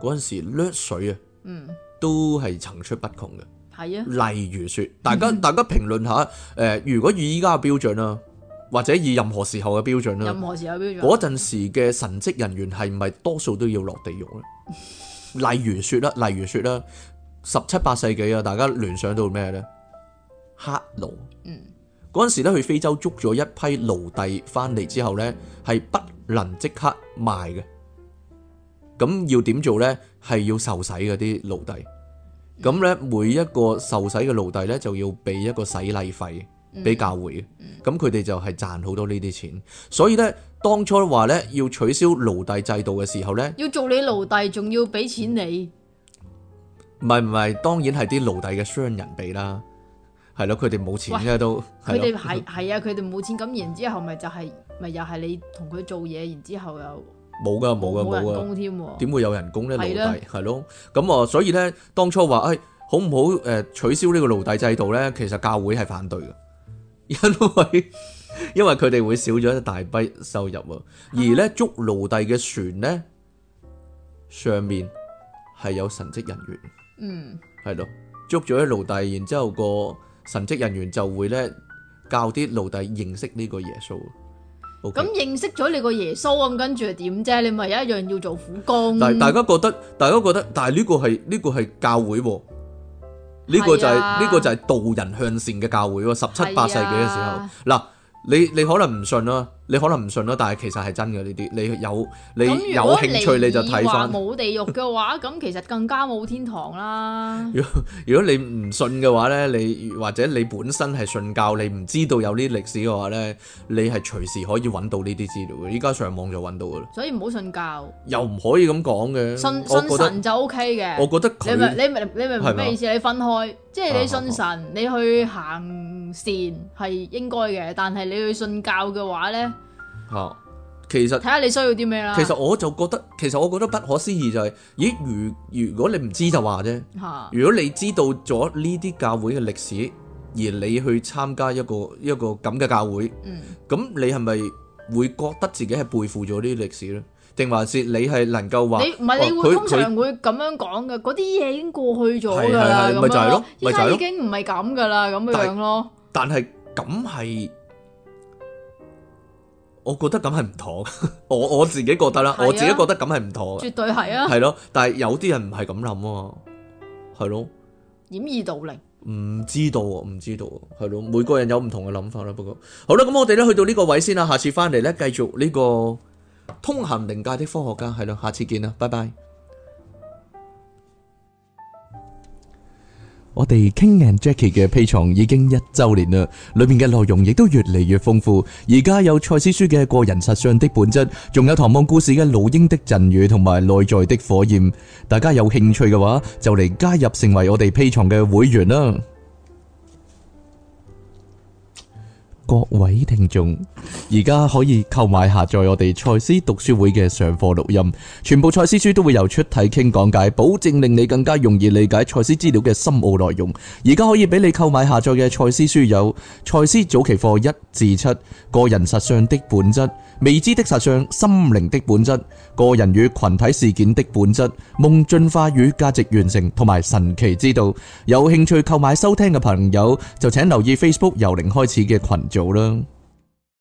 嗰陣時掠水啊，嗯，都係層出不窮嘅，係啊。例如說，大家 大家評論下，誒、呃，如果以依家嘅標準啦、啊，或者以任何時候嘅標準啦、啊，任何時候標準、啊，嗰陣時嘅神職人員係咪多數都要落地獄咧？ 例如說啦，例如說啦，十七八世紀啊，大家聯想到咩咧？黑奴，嗯。嗰陣時咧，去非洲捉咗一批奴隸翻嚟之後呢係不能即刻賣嘅。咁要點做呢？係要受洗嗰啲奴隸。咁呢，每一個受洗嘅奴隸呢，就要俾一個洗禮費俾教會嘅。咁佢哋就係賺好多呢啲錢。所以呢，當初話呢，要取消奴隸制度嘅時候呢，要做你奴隸仲要俾錢你？唔係唔係，當然係啲奴隸嘅商人俾啦。係咯，佢哋冇錢嘅喂都，佢哋係係啊，佢哋冇錢，咁然之後咪就係咪又係你同佢做嘢，然後之後又冇噶冇噶冇人工添，點會有人工咧，奴隸係咯，咁啊所以咧 當初話誒好唔好誒取消呢個奴隸制度咧，其實教會係反對嘅，因為因為佢哋會少咗一大筆收入啊，而咧捉奴隸嘅船咧上面係有神職人員，嗯係咯捉咗啲奴隸，然之後個。神職人員就會咧教啲奴隸認識呢個耶穌。咁認識咗你個耶穌，咁跟住點啫？你咪一樣要做苦工。但係大家覺得，大家覺得，但係呢個係呢個係教會喎。呢個就係呢個就係導人向善嘅教會喎。十七八世紀嘅時候，嗱，你你可能唔信啦。你可能唔信咯，但係其實係真嘅。呢啲，你有你有興趣你就睇翻。冇地獄嘅話，咁 其實更加冇天堂啦。如果，如果你唔信嘅話呢，你或者你本身係信教，你唔知道有呢啲歷史嘅話呢，你係隨時可以揾到呢啲資料。依家上網就揾到噶啦。所以唔好信教。又唔可以咁講嘅。信信神就 O K 嘅。我覺得，我覺得你咪你咪你明咩意思？嗎你分開，即係你信神，嗎你去行善係應該嘅，但係你去信教嘅話呢。吓，其實睇下你需要啲咩啦。其實我就覺得，其實我覺得不可思議就係，咦？如如果你唔知就話啫。吓，如果你知道咗呢啲教會嘅歷史，而你去參加一個一個咁嘅教會，嗯，咁你係咪會覺得自己係背負咗呢啲歷史咧？定還是你係能夠話？你唔係你會通常會咁樣講嘅？嗰啲嘢已經過去咗噶啦，咪就係咯，依家已經唔係咁噶啦，咁樣咯。但係咁係。我覺得咁係唔妥， 我我自己覺得啦，我自己覺得咁係唔妥，絕對係啊，係咯，啊，但係有啲人唔係咁諗啊，係咯，掩耳盜鈴，唔知道啊，唔知道啊，係咯，每個人有唔同嘅諗法啦。不過好啦，咁我哋咧去到呢個位先啦，下次翻嚟咧繼續呢個通行靈界的科學家，係啦，啊，下次見啦，拜拜。我哋 King and Jackie 嘅 Patreon 已經一周年啦，裏面嘅內容亦都越嚟越豐富。而家有賽斯書嘅個人實相的本質，仲有唐望故事嘅老鷹的贈語同埋內在的火焰。大家有興趣嘅話，就嚟加入成為我哋 Patreon 嘅會員啦。各位聽眾，而家可以購買下載我哋賽斯讀書會嘅上課錄音，全部賽斯書都會由出體傾講解，保證令你更加容易理解賽斯資料嘅深奧內容。而家可以俾你購買下載嘅賽斯書有《賽斯早期課一至七》《個人實相的本質》。未知的實相、心靈的本質、個人與群體事件的本質、夢進化與價值完成同埋神奇之道。有興趣購買收聽嘅朋友，就請留意 Facebook 由零開始嘅群組啦。